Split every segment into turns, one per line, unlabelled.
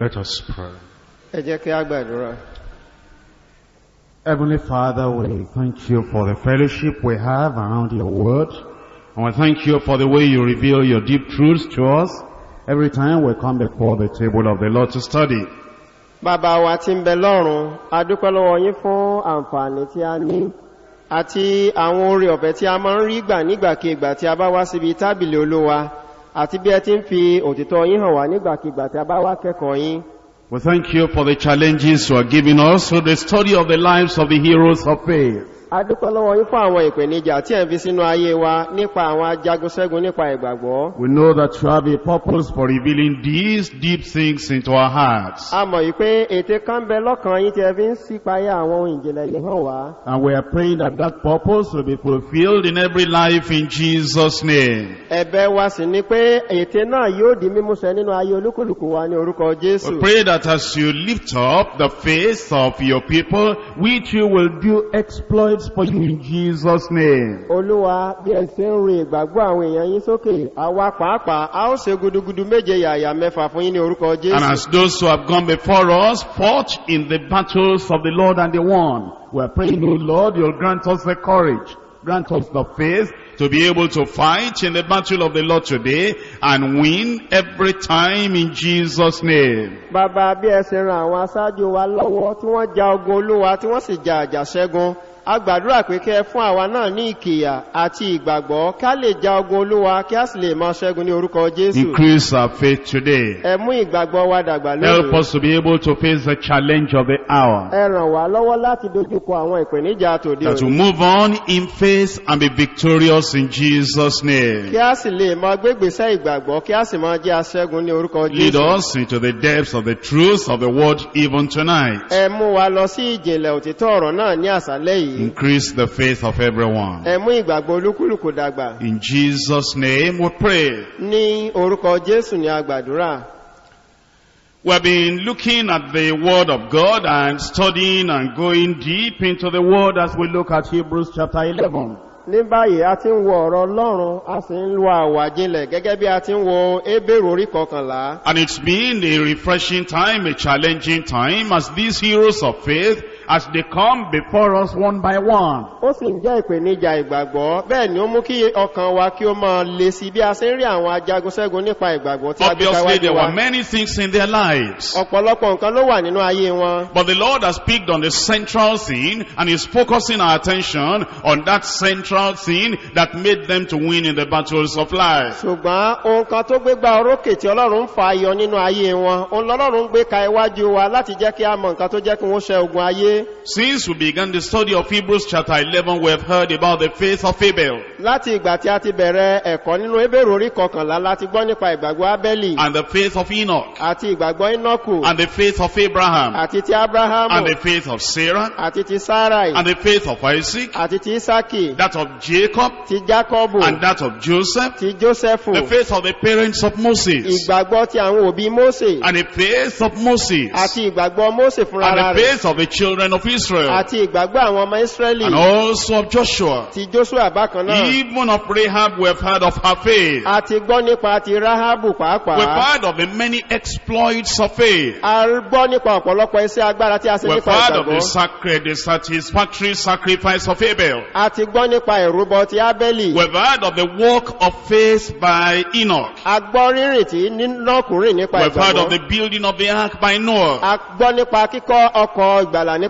Let us pray.
Ẹ jẹ́ kí a gbàdúrà.
Heavenly Father, we thank you for the fellowship we have around your word. And we thank you for the way you reveal your deep truths to us every time we come before the table of the Lord to study.
Bàbá wa tí ń bẹ lọ́run, a dúpẹ́ lọ́wọ́ yín fún àǹfààní tí a ní àti àwọn oore ọ̀fẹ́ tí a máa ń rí gbà nígbàkigbà tí a bá wá síbi tábìlì Olúwa àti bí ẹ ti ń fi òtítọ́ yín hàn wá nígbàkigbà tí a bá wá kẹ́kọ̀ọ́ yín.
We thank you for the challenges you are giving us through the study of the lives of the heroes of faith
adúpẹ́ yín fún àwọn ìpèníjà tí ẹ̀ ń fi sínú ayé wa nípa àwọn ajagunṣẹ́gun nípa ìgbàgbọ́.
we know that you have a purpose for revealing these deep things into our hearts.
a mọ̀ yìí ète kan bẹ lọ́kàn yín tí ẹ fi ń sípayá àwọn ohun ìjìnlẹ̀ yìí hàn wá.
and we are praying that that purpose will be fulfilled in every life in Jesus name.
ẹ̀bẹ̀ wa sì ni pé ète náà yóò di mímúṣẹ nínú ayé olúkúlùkù wa ní orúkọ jésù.
we pray that as you lift up the face of your people which you will do exploit for you in Jesus' name.
Olúwa bí ìgbàgbọ́ àwọn yín sókè, àwa a ó ṣe gudugudu méje mẹ́fà fún yín ní orúkọ And as those
who have gone before us fought in the battles of the Lord and the won, we are praying, O Lord, you'll grant us the courage, grant us the faith to be able to fight in the battle of the Lord today and win every time in Jesus name.
Bàbá bí ran àwọn wa lọ́wọ́ tí wọ́n ja ogun Olúwa tí wọ́n sì ja a gbàdúrà pé kẹ́ fún àwa náà ní ìkìyà àti ìgbàgbọ́ ká lè ja ogun olúwa kí a sì lè máa ṣẹ́gun ní orúkọ jésù. increase
our faith today.
ẹ mú ìgbàgbọ́ wa dàgbà lónìí. help us
to be able to face the challenge of the hour.
ẹ ràn wá lọ́wọ́ láti dojúkọ àwọn ìpèníjà tòde òní. that we
move on in faith and be victorious in Jesus name. kí
a sì lè máa gbégbèsè ìgbàgbọ́ kí a sì máa jẹ́ aṣẹ́gun ní orúkọ jésù. lead
us into the depths of the truth of the word even tonight.
ẹ mú wa lọ sí ìjìnlẹ̀ òtítọ́ ọ̀rọ̀ náà ní àṣálẹ́ yìí.
Increase the faith of everyone.
Ẹ ìgbàgbọ́ olúkúlùkù dàgbà.
In Jesus' name we pray.
Ní orúkọ Jésù ni a gbàdúrà.
We have been looking at the Word of God and studying and going deep into the Word as we look at Hebrews chapter 11.
Ní báyìí, a ti ń wo ọ̀rọ̀ Ọlọ́run, a sì ń lo àwàjinlẹ̀ gẹ́gẹ́ bí a ti ń wo Ébèrè orí kọkànlá.
And it's been a refreshing time, a challenging time as these heroes of faith as they come before us one by one.
Ó sì ń jẹ́ ìpèníjà ìgbàgbọ́, bẹ́ẹ̀ ni ó mú kí ọkàn wa kí ó máa le sí bí a ṣe ń rí àwọn ajagun ṣẹ́gun nípa ìgbàgbọ́ tí a gbé káwájú wa. Obviously there were
many things in their lives.
Ọ̀pọ̀lọpọ̀ nǹkan ló wà nínú ayé wọn.
But the Lord has picked on the central sin and is focusing our attention on that central sin that made them to win in the battles of life.
Ṣùgbọ́n ohun kan tó orókè tí Ọlọ́run fa ayọ̀ nínú ayé wọn, òun lọ́lọ́run gbé ka iwájú wa láti jẹ́ kí a mọ nǹkan tó jẹ́ kí wọ́n ṣe ogun ayé pé.
Since we began the study of Hebrews chapter eleven we have heard about the faith of Abel.
Láti ìgbà tí a ti bẹ̀rẹ̀ ẹ̀kọ́ nínú Ebèrò orí kọkànlá láti gbọ́ nípa ìgbàgbọ́ Abẹ́lì. And the faith of Enoch. Àti ìgbàgbọ́ Enoku. And the faith of Abraham. Àti ti Abrahamu. And the
faith of Sarah.
Àti ti Sarai. And the faith of Isaac. Àti ti Isaki. That of Jacob. Ti Jacobu. And that of Joseph. Ti Josephu. The faith of the parents of Moses. Ìgbàgbọ́ ti àwọn òbí Mose. And the faith of
Moses. Àti
ìgbàgbọ́ Mose fúnra rẹ̀. And the faith of the children children of Israel. Àti ìgbàgbọ́ àwọn ọmọ Ísírẹ́lì. And also
of Joshua.
Ti Joshua bákan náà.
Even of Rahab we have heard of her faith. Àti gbọ́ nípa ti Rahabu pàápàá. We have heard of the many exploits of faith.
A gbọ́ nípa ọ̀pọ̀lọpọ̀ iṣẹ́ agbára tí a ṣe nípa ìgbàgbọ́. We have heard of the
sacred the satisfactory sacrifice of Abel.
Àti gbọ́ nípa ìrúbọ ti Abeli. We have heard of the work of faith by Enoch. A gbọ́ rírìn tí Nínọ́kùnrin nípa ìgbàgbọ́. We have heard of the building of the ark by Noah. A gbọ́ nípa kíkọ́ ọkọ̀ ìgbàlà nípa.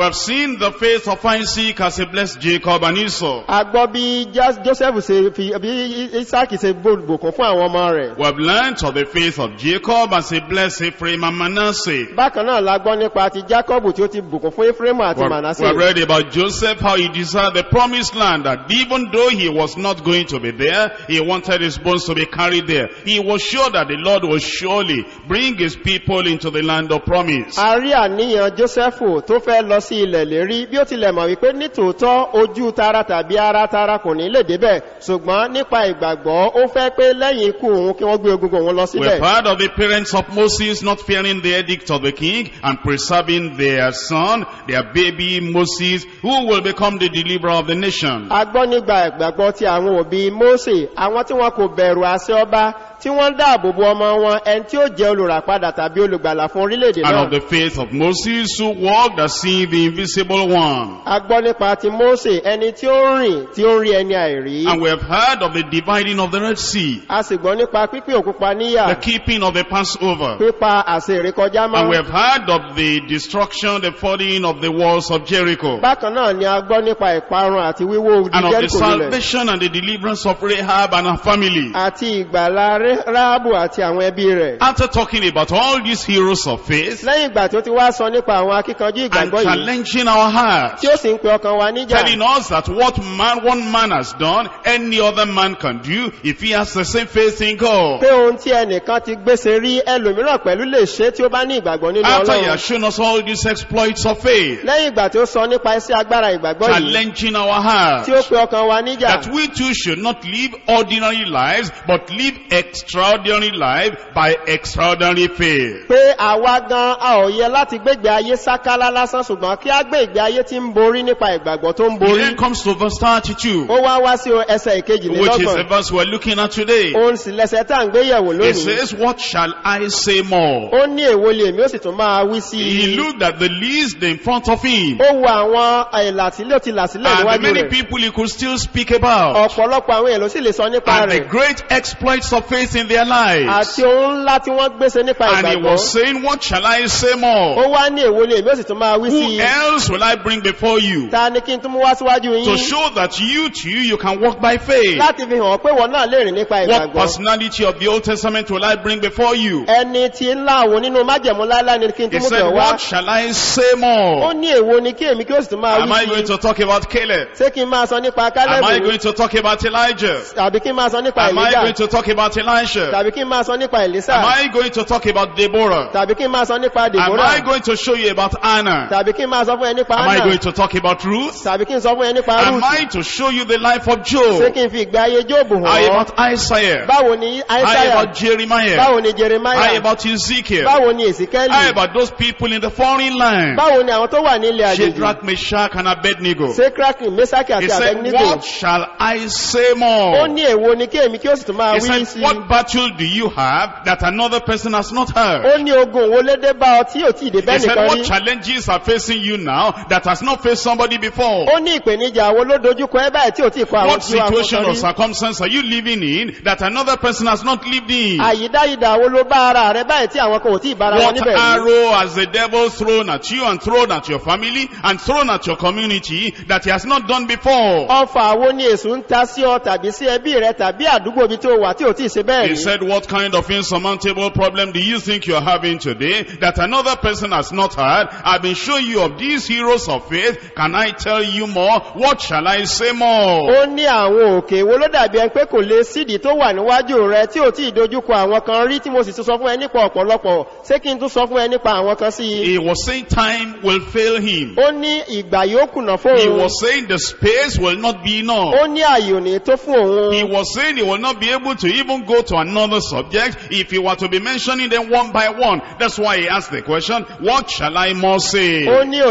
We have seen
the face of Isaac as he blessed Jacob and Esau.
A gbọ́ bí Joseph ṣe fi bí Isaac ṣe gbòkun fún àwọn ọmọ rẹ̀.
We have learnt of the face of Jacob as he blessed Ephraim and Manasseh.
Bákan náà la gbọ́ nípa ti Jacob tí ó ti bùkún fún Ephraim àti Manasseh. We have
read about Joseph how he desired the promised land that even though he was not going to be there, he wanted his bones to be carried there. He was sure that the Lord would surely bring his people into the land of promise.
A rí àníyàn Joseph tó fẹ́ lọ sí sí ilẹ̀ lérí bí ó tilẹ̀ mọ̀ wípé nítòótọ́ ojú tara tàbí ara tara kò ní lè débẹ̀ ṣùgbọ́n nípa ìgbàgbọ́ ó fẹ́ pé lẹ́yìn ikú òun kí wọ́n gbé egungun òun lọ síbẹ̀. were
part of the parents of Moses not fearing the edict of the king and preserving their son their baby Moses who will become the deliverer of the nation.
a gbọ́ nígbà ìgbàgbọ́ ti àwọn òbí Mose àwọn tí wọn kò bẹ̀rù àṣẹ ọba tí wọ́n dáàbò bo ọmọ wọn ẹni tí ó jẹ́ olùràpadà tàbí olùgbàlà fún orílẹ̀-èdè náà. and of
the faith of Moses who walked as seeing the invisible one.
a gbọ́ nípa ti Mósè ẹni tí ó rìn tí ó ń rí ẹni àìrí. and
we have heard of the dividing of the Red Sea.
a sì gbọ́ nípa pípín òkun níyà. the
keeping of the Passover.
pípa àsè ìrékọjá mọ́. and we have
heard of the destruction the falling of the walls of Jericho.
bákan náà ni a gbọ́ nípa ìparun àti wíwó odi Jericho lulẹ̀. and of the salvation
and the deliverance of Rahab and her family. àti
ìgbàlá rẹ̀ Rahabu àti àwọn ẹbí rẹ̀.
After talking about all these heroes of faith.
Lẹ́yìn ìgbà tí ó ti wá sọ nípa àwọn akíkanjú ìgbàgbọ́ yìí. And challenging our hearts. Tí ó sì ń pe ọkàn wa níjà. Telling
us that what man, one man has done, any other man can do if he has the same faith in God.
Pé ohun tí ẹnìkan ti gbèsè rí ẹlòmíràn pẹ̀lú lè ṣe tí ó bá ní ìgbàgbọ́ nínú Ọlọ́run. After he has
shown us all these exploits of faith.
Lẹ́yìn ìgbà tí ó sọ nípa iṣẹ́ agbára ìgbàgbọ́ yìí. Challenging
our hearts. Tí ó pe ọkàn wa níjà. That we too should not live ordinary lives but live ex extraordinary life by extraordinary faith. Pé àwa gan
a gbégbé ayé sákálá lásán ṣùgbọ́n kí á gbé ìgbé ayé tí ń borí nípa ìgbàgbọ́ tó ń borí. then
comes to verse thirty-two.
Ó wá wá sí ẹsẹ̀ ìkejìlélọ́gbọ̀n. Which is the
verse we are looking at today.
sì lẹsẹ̀ tá à ń gbé yẹ̀wò lónìí. He says,
what shall I say more?
Ó ní èwo lè mí ó sì tún máa
wí sí i. He looked at the list in front of him.
Ó wo àwọn eh, ìlà tí ló ti sílẹ̀ sile rẹ̀. And the many
people he could still speak about. Ọ̀pọ̀lọpọ̀ àwọn èèyàn ló sì lè sọ nípa rẹ̀. And the great exploits of faith in their lives. Àti
ńlá tí wọ́n gbèsè nípa ìgbàgbọ́. And he was
saying, what shall I say more? Ó
wá ní èwo ni sì tún máa wí sí i. Who else
will I bring before you? Ta ni kí n tún mú wá
síwájú yín? To show
that you too you can walk by faith. Láti
fi hàn pé wọ́n náà lè rìn nípa ìgbàgbọ́. What
personality of the Old Testament will I bring before you?
Ẹni tí àwọn nínú májẹ̀mú láíláí ni kí n tún mú wá. He said, what
shall I say
more? Ó ní èwo ni ni èmi kí ó sì tún máa wí sí i. Am I going to talk
about Caleb?
Ṣé kí n máa sọ nípa Caleb? Am I going to
talk about Elijah?
Àbí kí n máa sọ nípa Elijah? Am I going to talk
about Elijah? Elisha?
Am I going to talk about Deborah? Am I
going to show you about Anna?
Am I going
to talk about Ruth? Am I to show you the life of Job? How about Isaiah? How
about Jeremiah? How
about Ezekiel? How about those people in the foreign land? Shadrach, Meshach and Abednego.
He said, what
shall I say
more? He said, what
of battle do you have that another person has not heard? Ó ní ogun wo ló dé bá ọ tí
ò tí ì dé bẹ́ẹ̀ nìkan rí. He said what
challenges are facing you now that has not faced somebody before? Ó ní
ìpèníjà wo ló dojúkọ ẹ báyìí tí ò tí ì kọ àwọn tí wàá kọ sọ́rí. What situation or
circumstance are you living in that another person has not lived in?
Àyídáyidà wo ló bá ara rẹ báyìí tí àwọn kan ò tí ì bára wọn níbẹ̀ rí? What
arrow has the devil thrown at you and thrown at your family and thrown at your community that he has not done before? Ọfà wo ni èsù ń ta sí ọ tàbí sí ẹbí rẹ tàbí àdúgbò ibi tó wà tí ò tí
ì ṣe b He said,
what kind of insurmountable problem do you think you're having today that another person has not had? I've been showing you of these heroes of faith. Can I tell you more? What shall I say more? tó tí He was saying time will fail him. He was saying the space will not be enough. He was saying he will not be able to even go to another subject if you were to be mentioning them one by one. That's why he asked the question, what shall I more say? And
so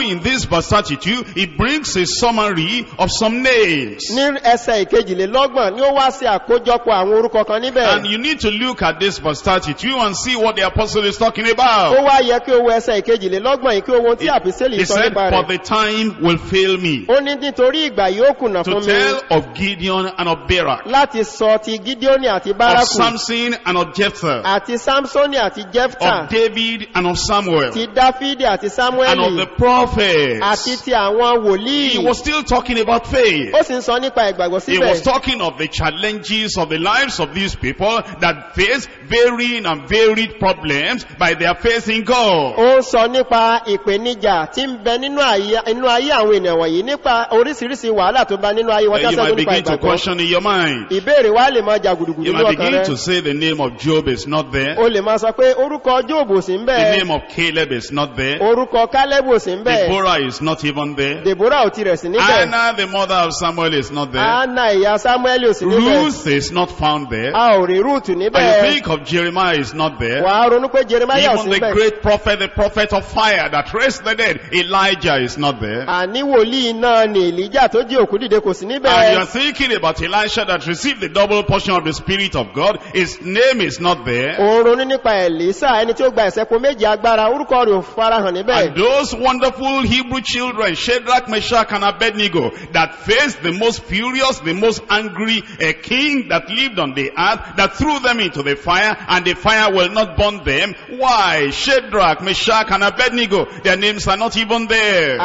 in
this versatitude, he brings a summary of some names. Ní ẹsẹ̀
ìkejìlélọ́gbọ̀n And
you need to look at this versatitude and see what the apostle is talking about. He said, for the time time will fail me.
ó ní nítorí ìgbà yóò kùnà fún mi. to tell
of Gideon and of Barak.
láti sọ ti Gideoni àti Bárakù. of Samson
and of Jephthah.
àti Samsoni àti Jephthah. of
David and of Samuel. ti
Dáfídì àti Samueli. and of the
prophets.
àti ti àwọn wòlíì. he was still talking about faith. ó sì ń sọ nípa ìgbàgbọ́ síbẹ̀. he was
talking of the challenges of the lives of these people that face varying and varied problems by their facing God.
Ó sọ nípa ìpèníjà tí ń bẹ nínú ayé àwọn ènìyàn wọ̀nyí nípa oríṣiríṣi wàhálà tó bá nínú ayé wọn eh, tí sọ nípa ìgbàgbọ́. You might begin to question
in your mind.
Ìbéèrè wa lè máa jàgùdùgùdù ní ọkàn rẹ. You might begin to
say the name of Job is not there.
O lè máa sọ pé orúkọ Job ò sí ń bẹ́ẹ̀. The name of
Caleb is not there.
Orúkọ Caleb ò sí ń bẹ́ẹ̀. Deborah
is not even there. Deborah ò tirẹ̀ sí níbẹ̀. Anna the mother of Samuel is not there. Anna ìyá Samuel ò sí níbẹ̀. Ruth is not found there. A ò rí Ruth níbẹ̀. And you think of of Jeremiah is not there. Even
the
great prophet, the prophet of fire that raised the dead, Elijah is not there.
And you are
thinking about Elisha that received the double portion of the Spirit of God. His name is not there.
And
those wonderful Hebrew children, Shadrach, Meshach, and Abednego, that faced the most furious, the most angry king that lived on the earth, that threw them into the fire, fire and the fire will not burn them. Why? Shadrach, Meshach and Abednego, their names are not even there.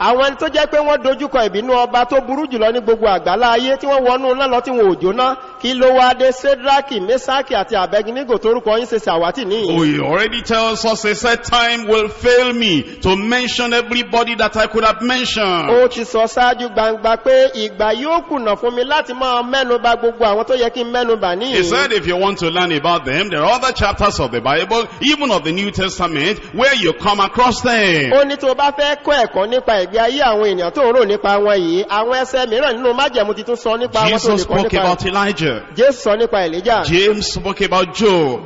àwọn tó jẹ́ pé wọ́n dojúkọ ìbínú ọba tó burú jùlọ ní gbogbo àgbálá ayé tí wọ́n wọnú ńlá lọ tí wọn ò jóná kí ló wá dé sedraki mesaki àti abeginigo torúkọ yín ṣe ṣàwátì ní. oh he
already tells us he said time will fail me to mention everybody that I could have mentioned. ó ti
sọ ṣáájú gbangba pé ìgbà yóò kùnà fún mi láti máa mẹ́nu bà gbogbo àwọn tó yẹ kí n mẹ́nu bà níyì. he said
if you want to learn about them there are other chapters of the Bible even of the New Testament where you come across them. ó
ní tó bá fẹ́ kọ́ ẹ̀kọ́ nípa ẹ̀ ìgbé ayé àwọn ènìyàn tó ń rò nípa wọn yìí àwọn ẹsẹ mìíràn nínú májẹ̀mú ti tún sọ nípa wọn tó lè kọ́ nípa
rẹ̀
James sọ nípa Elijah
James spoke about Job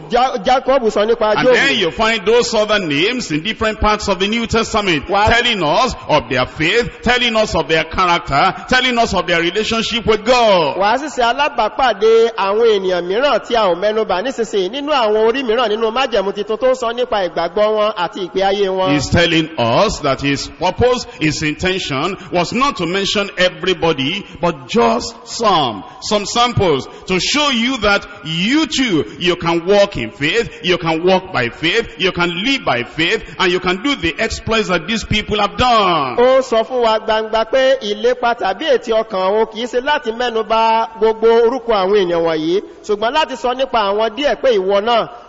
Jacob sọ nípa Job and then
you find those other names in different parts of the New Testament What? telling us of their faith telling us of their character telling us of their relationship with God. wàá sì alábàápàdé àwọn
ènìyàn mìíràn tí a ò mẹ́nubà nísinsìnyí nínú àwọn orí mìíràn nínú májẹ̀mú titun tó ń sọ nípa ìgbàgbọ́ wọn àti ìgbé ayé wọn. he is
telling us that his purpose is his intention was not to mention everybody, but just some, some samples to show you that you too, you can walk in faith, you can walk by faith, you can live by faith, and you can do the exploits that these people have done.
Oh, sọ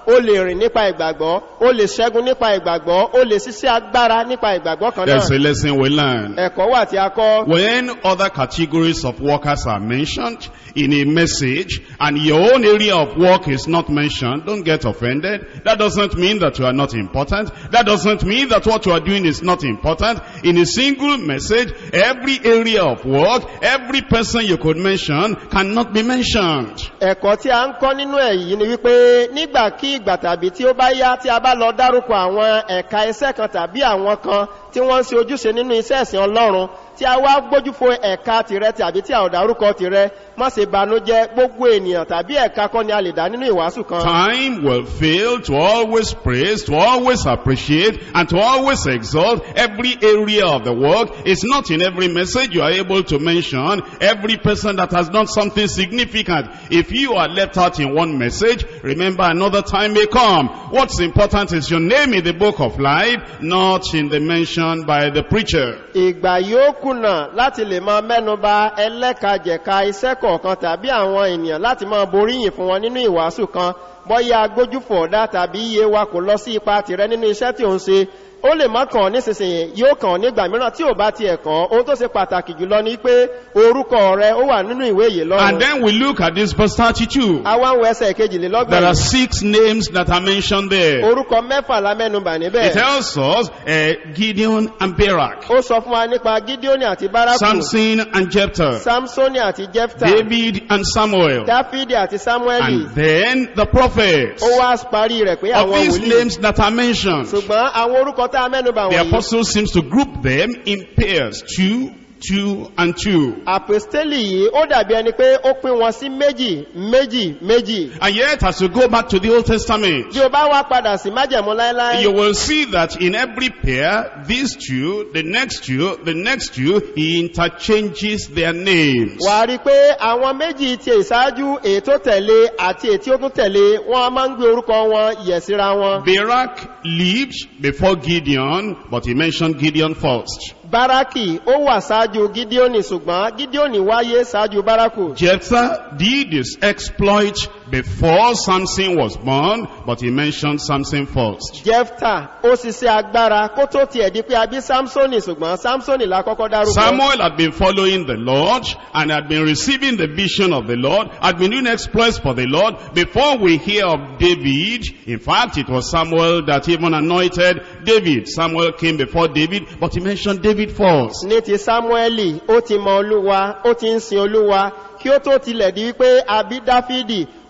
ó lè rìn nípa ìgbàgbọ́ ó lè ṣẹ́gun nípa ìgbàgbọ́ ó lè ṣiṣẹ́ agbára nípa ìgbàgbọ́ kan náà. there's a
lesson we learn.
ẹ̀kọ́ wà tí a kọ́.
when other categories of workers are mentioned in a message and your own area of work is not mentioned don't get offended that doesn't mean that you are not important that doesn't mean that what you are doing is not important in a single message every area of work every person you could mention cannot be mentioned. ẹ̀kọ́
tí a ń kọ́ nínú èyí ni wípé nígbàkí ìgbà tàbí tí ó bá yá tí a bá lọ dárúkọ àwọn ẹ̀ka iṣẹ́ kan tàbí àwọn kan tí wọ́n ń ṣe ojúṣe nínú iṣẹ́ ẹ̀sìn Ọlọ́run tí a wá gbójú fo ẹ̀ka tìrẹ tí àbí tí a ò tìrẹ má gbogbo ènìyàn tàbí ẹ̀ka kọ́ ni a lè dá nínú kan.
time will fail to always praise to always appreciate and to always exalt every area of the work it's not in every message you are able to mention every person that has done something significant if you are left out in one message remember another time may come what's important is your name in the book of life not in the mention by the preacher.
ìgbà kùnà láti lè máa mẹ́nuba ẹlẹ́kajẹ̀ka iṣẹ́ kọ̀ọ̀kan tàbí àwọn ènìyàn láti máa boríyìn fún wọn nínú ìwàásù kan bọ́yá agbójúfọ̀ọ́dá tàbí iye wa kò lọ sí ipa tìrẹ nínú iṣẹ́ tí ó ń ṣe ó lè má kàn nísinsìnyí yóò kàn nígbà mìíràn tí ò bá tiẹ̀ kàn ohun tó ṣe pàtàkì jùlọ ni pé orúkọ rẹ ó wà nínú ìwé yìí lọ́rùn. and
then we look at this verse thirty-two.
àwa ń ẹsẹ̀ kejìlélọ́gbọ̀n. there are
six names that are mentioned there.
orúkọ mẹ́fà la níbẹ̀. it
tells us uh, gideon and barak.
ó sọ fún wa nípa gideon àti baraku. samson
and jephthah.
samson àti jephthah.
david and samuel.
dáfídì àti samuel. and
then the prophets.
ó wá parí rẹ̀ pé àwọn wòlíì. of these names
that are mentioned.
ṣùgbọ́n àwọn orúkọ The apostle
seems to group them in pairs, two
two and two. Àpèstélì yìí ó dàbí ẹni pé ó pín wọn sí méjì méjì
méjì. And yet as you go back to the Old Testament.
Bí o bá wá padà sí májẹ̀mú láéláé. You will
see that in every pair, these two, the next two, the next two, he interchanges their names.
Wà á rí i pé àwọn méjì ti ìṣáájú ètò tẹ̀lé àti ètí ó tẹ̀lé wọ́n máa ń gbé orúkọ wọn yẹ̀ síra wọn. Barak lived
before Gideon but he mentioned Gideon first.
Baraki ó wà ṣáájú
Gideoni ṣùgbọ́n Gideoni wáyé ṣáájú Baraku. Jephthah did his exploit before Samson was born, but he mentioned Samson first. Jephthah,
ó ṣiṣẹ́ agbára kó tó tiẹ̀ di pé a bí Samson ṣùgbọ́n Samson la kọ́kọ́ dárúkọ. Samuel
had been following the Lord and had been receiving the vision of the Lord, had been doing exploits for the Lord before we hear of David. In fact, it was Samuel that even anointed David. Samuel came before David, but he mentioned David first.
Ní Samueli, ó ti mọ Olúwa, ó ti ń sin Olúwa, kí ó tó tilẹ̀ di wípé a bí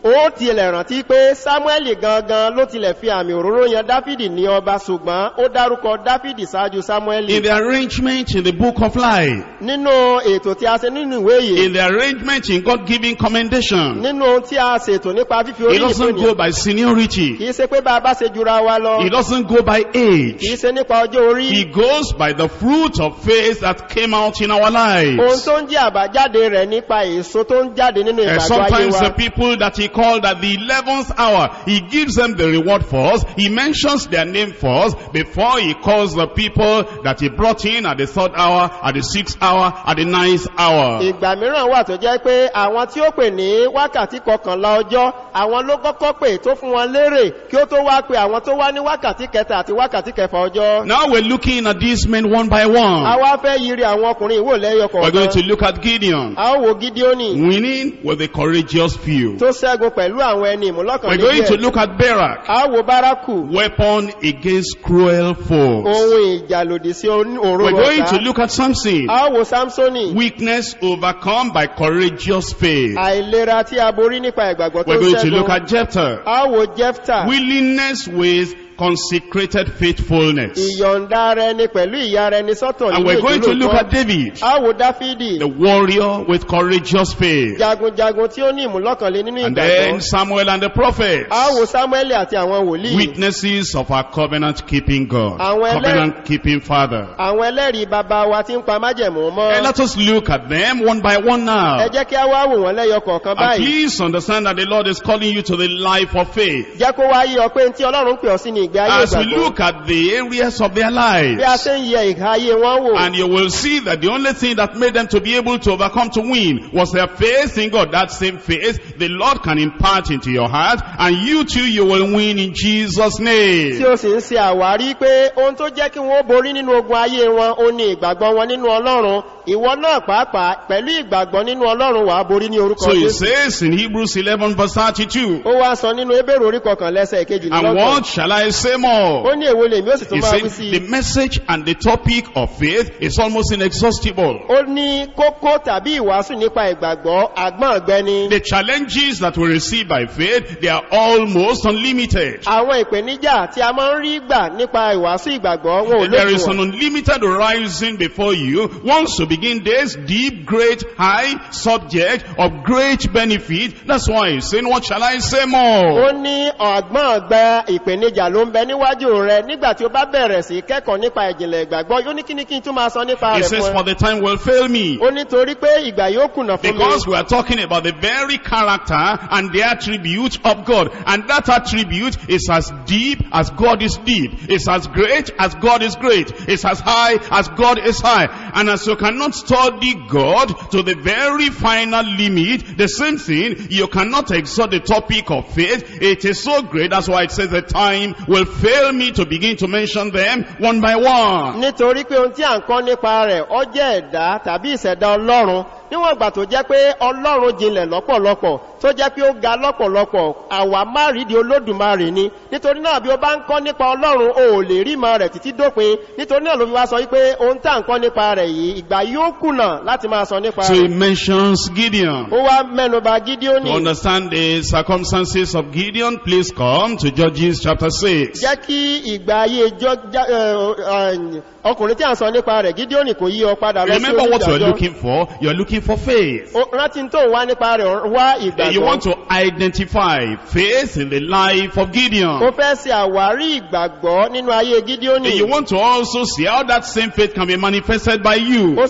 ó tilẹ̀ rántí pé samuel gangan ló tilẹ̀ fi àmì òróró yan dáfídì ní ọba ṣùgbọ́n ó dárúkọ dáfídì ṣáájú samuel. in the
arrangement in the book of life. nínú ètò tí a ṣe nínú ìwé yìí. in the arrangement in God giving commendation.
nínú ohun tí a ṣètò nípa fífi orí ìfúnni. it doesn't go
by seniority.
kì í ṣe pé bá a bá ṣe jura wa lọ. it
doesn't go by age. kì í ṣe nípa ọjọ́ orí. it goes by the fruit of faith that came out in our lives.
ohun tó ń jẹ́ àbájáde rẹ̀ nípa èso tó ń jáde nínú ìgbàgbọ́ and sometimes the
people that he called at the 11th hour. He gives them the reward for us. He mentions their name for us before he calls the people that he brought in at the third hour, at the sixth hour, at the ninth hour.
Ìgbà mìíràn wà tó jẹ́ pé àwọn tí ó pè ní wákàtí kọkànlá ọjọ́, àwọn ló kọ́kọ́ pè tó fún wọn lérè kí ó tó wá pé àwọn tó wá ní wákàtí kẹta àti wákàtí kẹfà ọjọ́.
Now we're looking at these men one by one. A
wá fẹ́ yiri àwọn ọkùnrin ìwò lẹ́yọ kọ̀ọ̀kan. We're going to look at Gideon. A ó wo Gideoni.
Winning with a courageous few. Tó ṣẹ́gun
jagun pẹ̀lú àwọn ẹni ìmúlọ́kàn níbẹ̀. we are going to
look at barak. a wo baraku. weapon against cruel foes.
ohun ìjà sí òru ọ̀tá. we are going to
look at samson. a wo samsoni. weakness overcome by courageous faith.
àìlera tí a borí nípa ìgbàgbọ́ tó ṣẹ́gun. we are going to look at
jephthah. a wo jephthah. willingness with consecrated faithfulness.
Ìyọ̀ǹda ara ẹni pẹ̀lú ìyá ara ẹni sọ́tọ̀ nínú ìdúró kan. And we're going to look at
David. A wo Dáfídì. The warrior with courageous faith.
Jagunjagun tí ó ní ìmúlọ́kànlé nínú ìgbàgbọ́. And then
Samuel and the prophets.
A wo Samuel àti àwọn wòlíì.
Witnesses of our covenant keeping God. Àwọn ẹlẹ́rìí. Covenant keeping father.
Àwọn ẹlẹ́rìí bàbá wa ti ń pa májẹ̀mú mọ́. And let
us look at them one by one now. Ẹ
jẹ́ kí a wá wò wọ́n lẹ́yọ kọ̀ọ̀kan báyìí. And please
understand that the Lord is calling you to the life of faith.
Jẹ́ kó wá ọ pé ní Ọlọ́run pè ọ sí ni As we look
at the areas of their lives.
And
you will see that the only thing that made them to be able to overcome to win was their faith in God. That same faith the Lord can impart into your heart and you too you will win in Jesus name.
ìwọ náà pàápàá pẹ̀lú ìgbàgbọ́ nínú ọlọ́run wà borí ní orúkọ jésù. so he
says in hebrews eleven ó
wá sọ nínú ebèrè orí kọkàn lẹ́sẹ̀ ìkejì lọ́gbọ̀n. and what
shall I say more. ó ní èwo lèmi ó sì tún máa wí sí i. the message and the topic of faith is almost inexhaustible.
ó ní kókó tàbí ìwàásù nípa ìgbàgbọ́ àgbọ̀n ọ̀gbẹ́ni. the challenges that we receive by faith they are almost unlimited. àwọn ìpèníjà tí a máa ń rí gbà nípa ìwàásù ìgbàgbọ́ wọn ò lóṣùwọ̀n. there is an
unlimited horizon before you once you begin. begin this deep, great, high subject of great benefit. That's why he's saying, what shall I say more? Ó
ní ọ̀gbọ́n ọ̀gbẹ́ ìpèníjà ló ń bẹ níwájú rẹ̀ nígbà tí kẹ́kọ̀ọ́ nípa ìjìnlẹ̀ ìgbàgbọ́. Ó ní kíni kí niwaju re nigba máa si nipa ijinle igbagbo ni kini tun so nipa re He says for
the time will fail me. torí pé ìgbà kùnà fún mi. Because we are talking about the very character and the attribute of God. And that attribute is as deep as God is deep. It's as great as God is great. It's as high as God is high. And as you cannot cannot study God to the very final limit. The same thing, you cannot exhaust the topic of faith. It is so great, that's why it says the time will fail me to begin to mention them one by one.
níwọ̀n ìgbà tó jẹ́ pé ọlọ́run jinlẹ̀ lọ́pọ̀lọpọ̀ tó jẹ́ pé ó ga lọ́pọ̀lọpọ̀ àwa má olódùmarè ni nítorí náà bí ó bá ń kọ́ nípa ọlọ́run ò lè rí mọ rẹ̀ títí dópin nítorí náà ló fi wá sọ wípé ohun tá à ń kọ́ nípa rẹ̀ yìí ìgbà yóò kùnà láti máa sọ nípa rẹ̀. so he
mentions Gideon.
ó wá mẹ́nuba Gideon. to
understand the circumstances of Gideon please come to Judges chapter six.
jẹ́ kí ìgbà ayé ọkùnrin tí à ń sọ nípa rẹ̀ Gideon kò yí ọ padà lọ sí orí ìdájọ́. remember what you are
looking for you are looking looking for faith.
Rántí You want
to identify faith in the life of Gideon. Ó You want to also see how that same faith can be manifested by you. Ó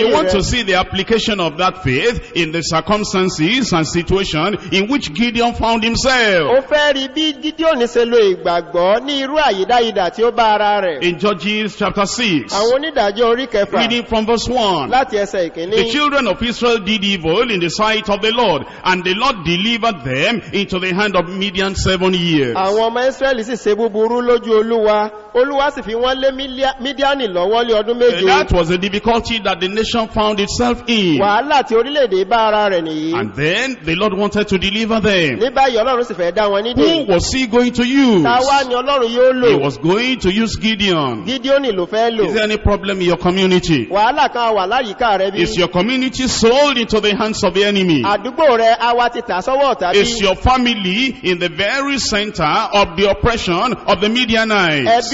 You want to see
the application of that faith in the circumstances and situation in which Gideon found himself. In Judges chapter six. Reading from verse one. 1.
The
children of Israel did evil in the sight of the Lord and the Lord delivered them into the hand of Midian seven years.
Àwọn ọmọ Ísírẹ́lì sì ṣe búburú lójú Olúwa. Olúwa sì fi wọ́n lé Mídíánì lọ́wọ́ lé ọdún méje. That
was the difficulty that the nation found itself in. Wàhálà tí orílẹ̀-èdè bá ara rẹ̀ nìyí. And then the Lord wanted to deliver them.
Ní báyìí Ọlọ́run sì fẹ́ dá wọn nídìí. Who
was he going to use? Táwa ni
Ọlọ́run yóò lò. He
was going to use Gideon. Gideon ló fẹ́ lò. Is there any problem in your community?
Wàhálà kan is
your community sold into the hands of the enemy. is your family in the very center of the oppression of the Midianites.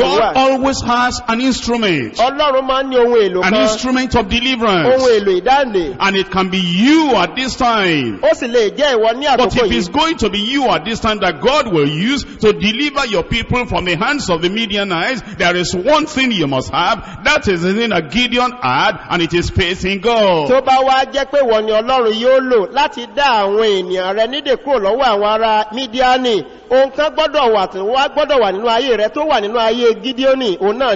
God always has an instrument.
an instrument
of deliverance. and it can be you at this time. but if it's going to be you at this time that God will use to deliver your people from the hands of the Midianites there is one thing you must have, that is the thing that Gideon had, and it is faith in God.
bá wá jẹ́ pé Ọlọ́run lò láti dá àwọn ènìyàn rẹ kúrò lọ́wọ́ àwọn ará Mídíánì. Ohun kan gbọ́dọ̀ wà tí wá gbọ́dọ̀ wà nínú ayé rẹ tó wà nínú ayé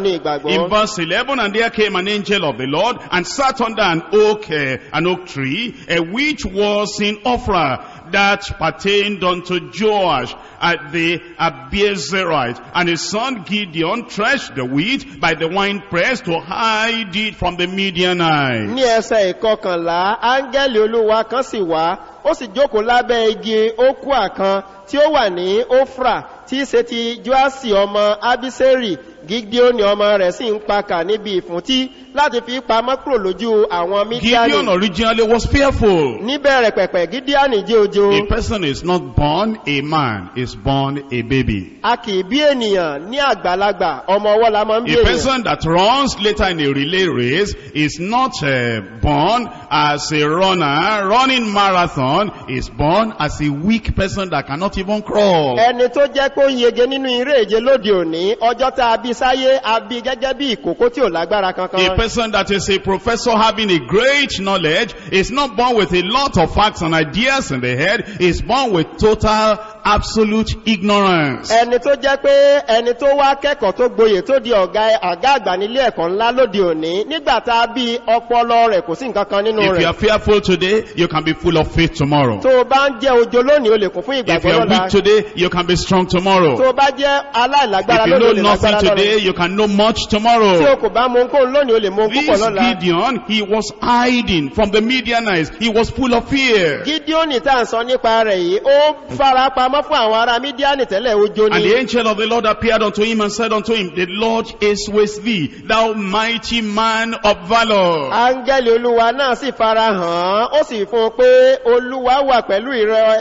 ni ìgbàgbọ́. In
verse eleven, and there came an angel of the Lord and sat under an oak, uh, an oak tree, uh, which was in Ophrah that pertained unto Joash at the Abiezerite. And his son Gideon threshed the wheat by the wine press to hide it from the Midianite. Ní ẹsẹ̀
ìkọkànlá, áńgẹ́lì Olúwa kan sì wá, ó sì jókòó lábẹ́ igi okua kan tí ó wà ní Ofra tí í ṣe ti Joasi ọmọ Abiseri, Gideoni ọmọ rẹ̀ sì ń pakà níbi ìfúntí láti fi pamọ́ kúrò lójú àwọn mídíánì. Gideon
originally was fearful. Níbẹ̀rẹ̀ pẹ̀pẹ̀ Gideon jẹ́ ojo. A person is not born a man is born a baby.
A kì í bí ènìyàn ní àgbàlagbà ọmọ ọwọ́ la máa ń bí ènìyàn. A person
that runs later in a relay race is not uh, born as a runner running marathon is born as a weak person that cannot even crawl.
Ẹni tó jẹ́ pé ń yege nínú eré ìje lóde òní ọjọ́ tá a bí sáyé a bí gẹ́gẹ́ bí ìkókó tí ò lágbára kankan. A person
person that is a professor having a great knowledge is not born with a lot of facts and ideas in the head, is born with total absolute ignorance.
ẹni tó jẹ́ pé ẹni tó wá kẹ́kọ̀ọ́ tó gboyè tó di ọ̀gá àgbà nílé ẹ̀kọ́ ńlá lóde òní nígbà tá a bí ọpọlọ rẹ̀ kò sí nǹkan kan nínú rẹ̀. if you are
fearful today you can be full of faith tomorrow. tó
o bá ń jẹ́ ojo lónìí o lè kún fún ìgbàgbọ́ lọ́la. if you are weak
today you can be strong tomorrow. tó
o bá jẹ́ aláìlágbára lónìí o lè lágbára lọ́la. if you know nothing today you
can know much tomorrow. tí o
kò bá mú nǹkan lónìí o lè mú nǹkan lọ́la. this
gideon he was hiding from the midianites he was full of fear.
gideon tá à ń sọ nípa rẹ̀ yìí ó fara pamọ́ kọ́ fún àwọn ará mídíánì tẹ́lẹ̀ ojó ni. And the
angel of the Lord appeared unto him and said unto him, The Lord is with thee, thou mighty man of valour. Áńgẹ́lì Olúwa
náà sì farahàn, ó sì fún un pé Olúwa wà pẹ̀lú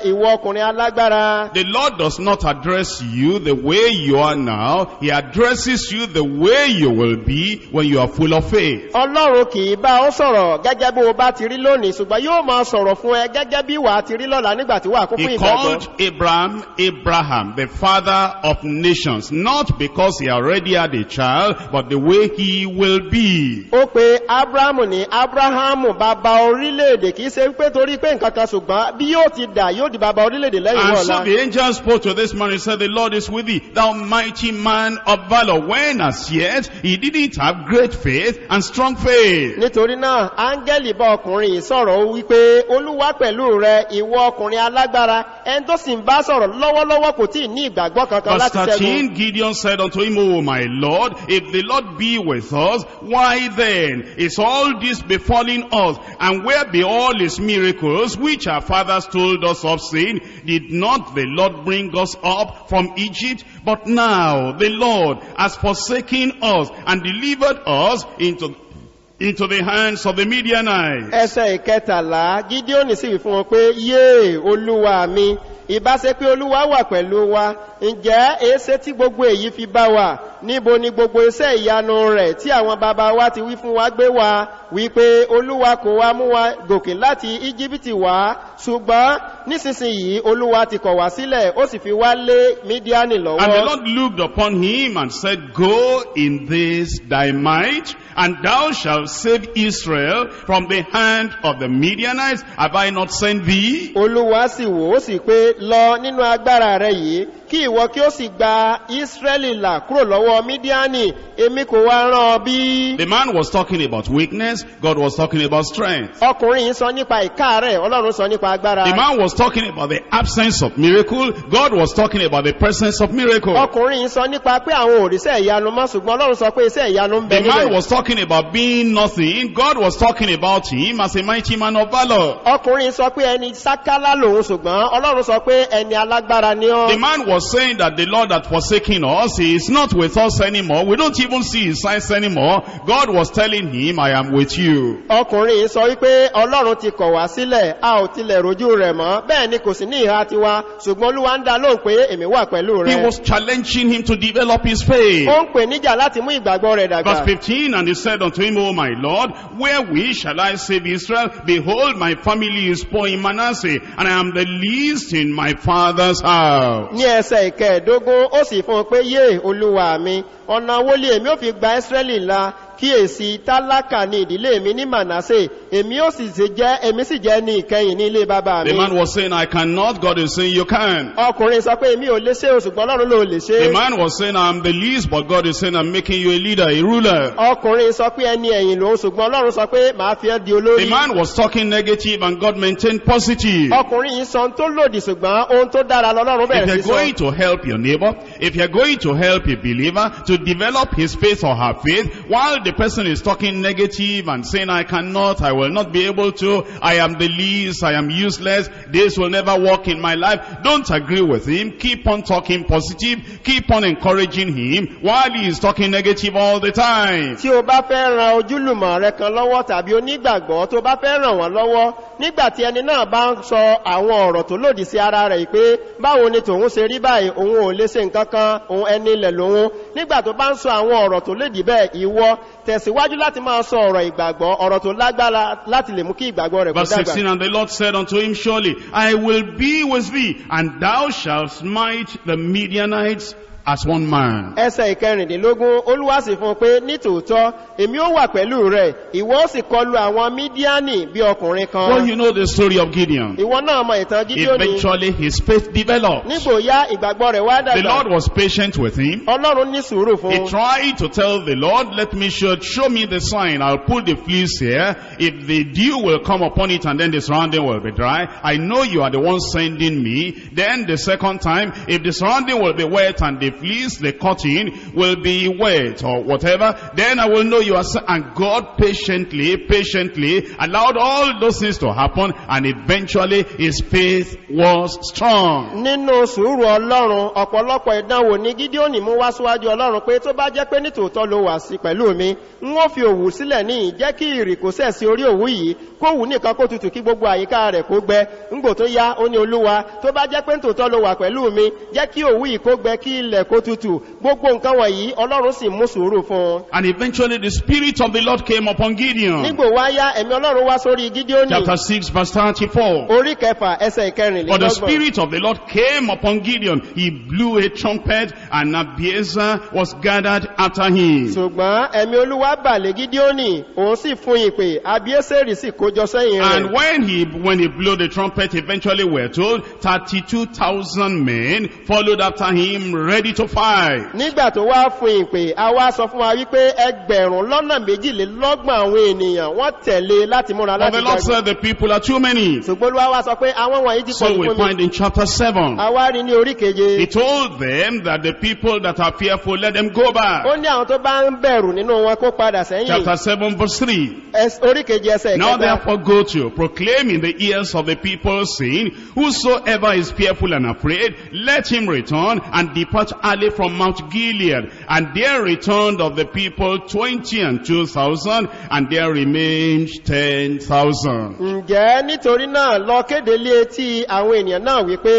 ìwọ ọkùnrin
alágbára. The Lord does not address you the way you are now, he addresses you the way you will be when you are full of faith.
Ọlọ́run kì í bá ọ sọ̀rọ̀ gẹ́gẹ́ bó o bá ti rí lónìí, ṣùgbọ́n yóò máa sọ̀rọ̀ fún ẹ gẹ́gẹ́ bí wàá ti rí lọ́la nígbà tí wàá kún fún ìgbàgbọ́. He called
Abraham. Abraham, Abraham, the father of nations, not because he already had a child, but the way he will be. Ó pe Abrahamu ní Abrahamu
bàbá orílẹ̀-èdè kìí ṣe pé torí pé nǹkan kan ṣùgbọ́n bí yóò ti dà yóò di bàbá orílẹ̀-èdè lẹ́yìn ọ̀la. And so
the angel spoke to this man and said, The Lord is with thee, thou mighty man of valor. When as yet he didn't have great faith and strong faith. Nítorí náà, áńgẹ́lì
bá ọkùnrin yìí sọ̀rọ̀ wípé Olúwa pẹ̀lú rẹ̀ ìwọ ọkùnrin alágbára ẹni tó sì ń bá sọ̀rọ̀ lọ́wọ́lọ́wọ́ kò tí ní ìgbàgbọ́ kankan láti ṣẹ́gun. Verse thirteen
Gideon said unto him, O oh, my Lord, if the Lord be with us, why then is all this befalling us? And where be all his miracles which our fathers told us of, saying, Did not the Lord bring us up from Egypt? But now the Lord has forsaken us and delivered us into into the hands of the Midianites.
Ẹsẹ̀ ìkẹtàlá, Gideon sì fún wọn pé, Yé Olúwa mi, ìbá ṣe pé Olúwa wà pẹ̀lú wa, ǹjẹ́ èéṣe tí gbogbo èyí fi bá wa? Níbo ni gbogbo iṣẹ́ ìyanu rẹ̀ tí àwọn bàbá wa ti wí fún wa gbé wa? Wípé Olúwa kò wá mú wa gòkè láti Íjíbítì wá, ṣùgbọ́n nísinsìnyí Olúwa ti kọ̀ wá sílẹ̀, ó sì fi wá lé Midiani lọ́wọ́. And the Lord
looked upon him and said, Go in this thy might and thou shalt save Israel from the hand of the Midianites. Have I not sent thee?
kí ìwọ kí ó sì gba Ísírẹ́lì là kúrò lọ́wọ́ Mídíánì,
èmi kò wá rán ọ bí. The man was talking about weakness, God was talking about strength.
Ọkùnrin yìí sọ nípa ìkáàárẹ̀, Ọlọ́run sọ nípa agbára. The
man was talking about the absence of miracle, God was talking about the presence of miracle.
Ọkùnrin yìí sọ nípa pé àwọn òrìṣẹ́ ìyanu mọ́ ṣùgbọ́n Ọlọ́run sọ pé iṣẹ́ ìyanu ń bẹ The man was
talking about being nothing, God was talking about him as a mighty man of valor.
Ọkùnrin sọ pé ẹni sákálá lòun ṣùgbọ́n Ọlọ́run sọ pé ẹni alágbára ni ọ́. The man
was was saying that the Lord had forsaken us, He is not with us anymore. We don't even see His signs anymore. God was telling him, I am with you.
ni ní èmi He was
challenging him to develop his faith. Verse fifteen and he said unto him, O my Lord, where we shall I save Israel? Behold, my family is poor in Manasseh, and I am the least in my father's house.
ẹsẹ̀ ìkẹẹ̀dógún ó sì fún un pé yé olúwa mi ọ̀nà wo lèmi fi gba kíyèsí tálákà ní ìdílé mi ní mànásè èmi ó sì jẹ́ èmi sì jẹ́ ní ìkẹyìn ní ilé bàbá mi. the man
was saying i cannot God is saying you can.
ọkùnrin sọ pé èmi ò lè ṣe òṣùgbọ́n ọlọ́run
ló lè ṣe. the man was saying i am the least but God is saying i am making you a leader a ruler.
ọkùnrin sọ pé ẹni ẹ̀yìn ló ṣùgbọ́n ọlọ́run sọ pé màá fi ẹ́ di olórí. the
man was talking negative and God maintained positive.
ọkùnrin yìí sọ tó lòdì ṣùgbọ́n ohun tó dára lọ́lọ́run bẹ̀rẹ̀ sísọ. if you are going
to help your neighbor if you are going to help a believer to develop his faith or her faith while the person is talking negative and saying, I cannot, I will not be able to, I am the least, I am useless, this will never work in my life, don't agree with him. Keep on talking positive, keep on encouraging him while he is talking negative all the time.
Tí o bá fẹ́ ran ojúlùmọ̀ rẹ kan lọ́wọ́ tàbí onígbàgbọ́ tó bá fẹ́ ràn wọ́n lọ́wọ́ nígbà tí ẹni náà bá ń sọ àwọn ọ̀rọ̀ tó lòdì ara rẹ̀ pé báwo ni tòun ṣe rí báyìí òun ò lè ṣe nǹkan kan òun ẹni ilẹ̀ lòun nígbà tó bá ń sọ àwọn ọ̀rọ̀ tó lòdì tẹ̀síwájú láti máa sọ ọ̀rọ̀ ìgbàgbọ́ ọ̀rọ̀ tó lágbára láti lè mú kí ìgbàgbọ́ rẹ̀ kó dàgbà. verse sixteen
and the lord said unto him surely i will be with thee and thou shalt smite the midianites as one man.
ẹsẹ̀ ìkẹrìndínlógún olúwa fún un pé nítòótọ́ èmi ó wà pẹ̀lú rẹ̀ ìwọ sì kọlu àwọn mídíánì bí ọkùnrin kan. well you know
the story of gideon.
ìwọ náà mọ ìtàn gideon. eventually
his faith developed.
ìgbàgbọ́ rẹ̀ wá dàgbà. the lord
was patient with him.
ọlọ́run ní sùúrù fún un. he tried
to tell the lord let me show, show me the sign i will put the fleece here if the dew will come upon it and then the surrounding will be dry i know you are the one sending me then the second time if the surrounding will be wet and the please, the cotton will be wet or whatever. Then I will know you are son. And God patiently, patiently allowed all those things to happen and eventually his faith was strong.
Nínú sùúrù Ọlọ́run, ọ̀pọ̀lọpọ̀ ìdánwò ni Gídíónì mú wá síwájú Ọlọ́run pé tó bá jẹ́ pé nítòótọ́ ló wà sí pẹ̀lú mi, n ó fi òwú sílẹ̀ ní ìjẹ́ kí ìrì kò sẹ̀ sí orí òwú yìí, kó wù nìkan kó tutù kí gbogbo àyíká rẹ̀ kó gbẹ. Ngbò tó yá, ó ní Olúwa, tó bá jẹ́ pé nítòótọ́ ló wà pẹ̀lú mi, jẹ́ kí òwú yìí kó gbẹ kí ilẹ̀ kó tutù gbogbo nǹkan wọ̀nyí ọlọ́run sì mú
sùúrù fún. and eventually the spirit of the lord came upon gideon. nígbò
wá ẹ̀mí ọlọ́run wá sórí gideoni. chapter
six verse thirty-four.
orí kẹfà ẹsẹ̀ ìkẹrìnlélọ́gbọ̀n. for the spirit
of the lord came upon gideon he blew a trumpet and abiezer was gathered after
him. ṣùgbọ́n ẹ̀mí olúwa balẹ̀ gideoni òun sì fún ìpè abieseri sì kójọ sẹ́yìn rẹ̀. and
when he when he blew the trumpet eventually were told thirty-two thousand men followed after him ready. 125.
nígbà tó wá fún ìpè a wá sọ fún wa wípé ẹgbẹ̀rún lọ́nà méjìlélọ́gbọ̀n àwọn ènìyàn wọ́n tẹ̀lé láti múra láti gbàgbọ́. but the lord said
the people are too many. ṣùgbọ́n olúwa sọ pé àwọn wọ̀nyí ti pọ̀ fún mi. so we find in chapter seven. a wá rí ní orí keje. he told them that the people that are fearful let them go back. ó ní àwọn tó
bá ń bẹ̀rù nínú wọn kó padà sẹ́yìn. chapter
seven verse three.
orí keje ẹsẹ̀ kẹta. now therefore
go to proclaim in the ears of the people saying whosoever is fearful and afraid let him return and depart Early from Mount Gilead, and there returned of the people twenty and two thousand, and there remained ten thousand.
Ǹjẹ́ nítorí náà lọ kéde lé etí àwọn ènìyàn náà wípé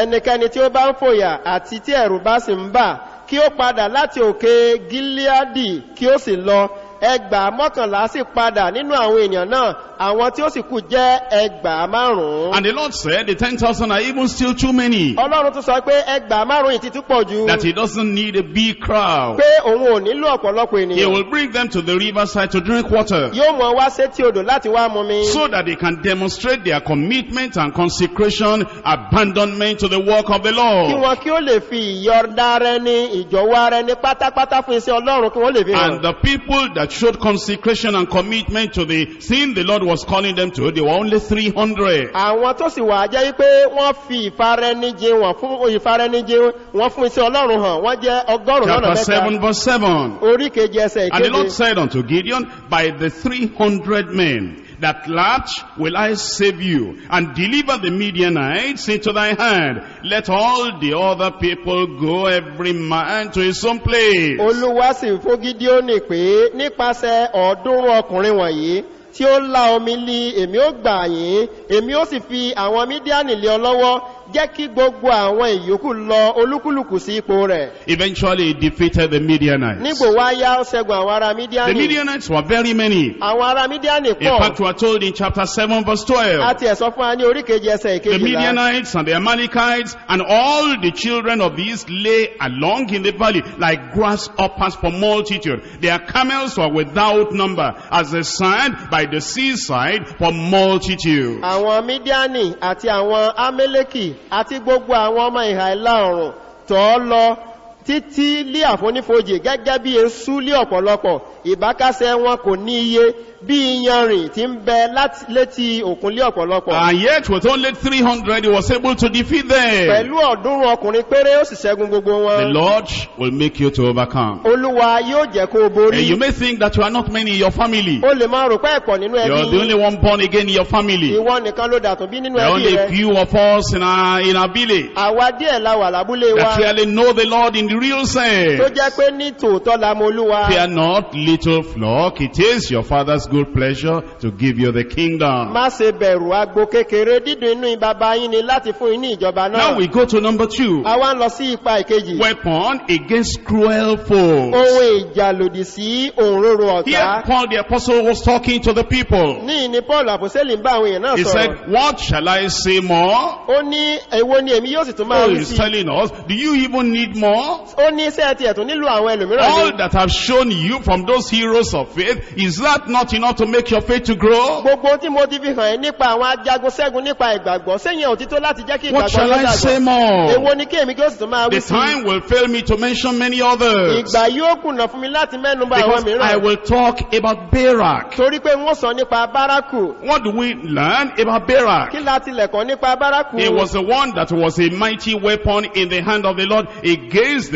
ẹnikẹ́ni tí ó bá ń fòyà àti tí ẹ̀rù bá sì ń bà kí ó padà láti òkè Gileadi kí ó sì lọ ẹgbà mọ́kànlá sì padà nínú àwọn èèyàn náà àwọn tí ó sì kù jẹ́ ẹgbà márùn-ún. and the lord
said the ten thousand are even still too many.
ọlọ́run tún sọ pé ẹgbà márùn-ún yìí ti tún pọ̀ jù. that
he doesn't need a big crowd. pé òun ò nílò ọ̀pọ̀lọpọ̀ ènìyàn. he will bring them to the riverside to drink water.
yóò mọ wá sétí odò láti wá mu mi.
so that they can demonstrate their commitment and consecration abandonment to the work of the lord. kí wọn kí ó lè fi ìyọ̀dá rẹ ní ìjọ̀wọ́ rẹ ní pátápátá fún iṣẹ́
ọlọ́run kí wọ́n lè fi hàn.
and the people that that showed consecration and commitment to the sin the Lord was calling them to, they were only 300.
Àwọn tó sì wà jẹ́ pé wọ́n fi ìfarẹ́nijin wọn fún ìfarẹ́nijin wọn fún iṣẹ́ Ọlọ́run hàn, wọ́n jẹ́ ọgọ́rùn-ún lọ́nà mẹ́ta. Chapter seven
verse seven.
Orí kejì ẹsẹ̀ ìkéde. And the Lord
said unto Gideon, by the 300 men. that latch will I save you and deliver the Midianites into thy hand. Let all the other people go every man to his own place.
tí ó la omi li èmi ó gbà yín èmi ó sì fi àwọn mídíánì lé ọ lọ́wọ́ jẹ́ kí gbogbo àwọn ìyókù lọ olúkúlùkù sí ipò rẹ̀.
eventually he defeated the midianites.
nígbò wá yá ó ṣẹ́gun àwọn ará midiani. the
midianites were very many.
àwọn ará midiani pọ̀. in fact
we are told in chapter seven verse twelve. a
ti ẹ̀sọ́ fún wa ní oríkejì ẹsẹ̀ ìkejìlá. the midianites
and the amalekites and all the children of these lay along in the valley like grasshoppers for multitude their camels were without number as the sand by by the seaside for multitude.
Àwọn Mídíánì àti àwọn Amélèkì àti gbogbo àwọn ọmọ ìhà ìlà ọ̀rùn tọ́ lọ títí lé àfonífojì gẹ́gẹ́ bí esú lé ọ̀pọ̀lọpọ̀ ìbákásẹ̀ wọn kò ní iye bí iyanrìn tí ń bẹ
létí òkun lé ọ̀pọ̀lọpọ̀. and yet with only three hundred he was able to defeat them. pẹ̀lú
ọ̀ọ́dúnrún ọkùnrin péré ó sì ṣẹ́gun gbogbo wọn. the
lord will make you to overcome.
olúwa yóò
jẹ́ kó o borí. and you may think that you are not many in your family.
o lè máa rò pé ẹ̀pọ̀ nínú ẹbí. you are the only one
born again in your family. ìwọ
nìkan ló dàtún bí nínú ẹbí rẹ. there are only
few of us in our, in our village.
àwa díẹ̀ la wà lábúlé wa. that clearly
know the lord in the real sense. Tó jẹ́ pé ní tòótọ́ la mọ
Olúwa. Fear
not little flock, it is your father's good pleasure to give you the kingdom.
Má ṣe bẹ̀rù agbo kékeré dídùn inú bàbá yín ni láti fún yín ní ìjọba náà. Now
we go to number two. A wá ń lọ sí ipa ìkejì. Weapon against cruel foes. Ohun ìjà lòdì sí òǹrorò ọ̀tá. Here Paul the apostle was talking to the people.
Ní ìní Paul àpòsẹ́lì ń bá àwọn èèyàn
náà sọ̀rọ̀. He said, what shall I say more? Ó ní èwo ni èmi yóò sì tún máa wí oh, sí. He is telling us, do you even need more? all that I've shown you from those heroes of faith is that not enough to make your faith to grow. what shall
I say more. the time
will fail me to mention many others. because I will talk about Barak. what do we learn about Barak?
he was the
one that was a mighty weapon in the hand of the Lord against the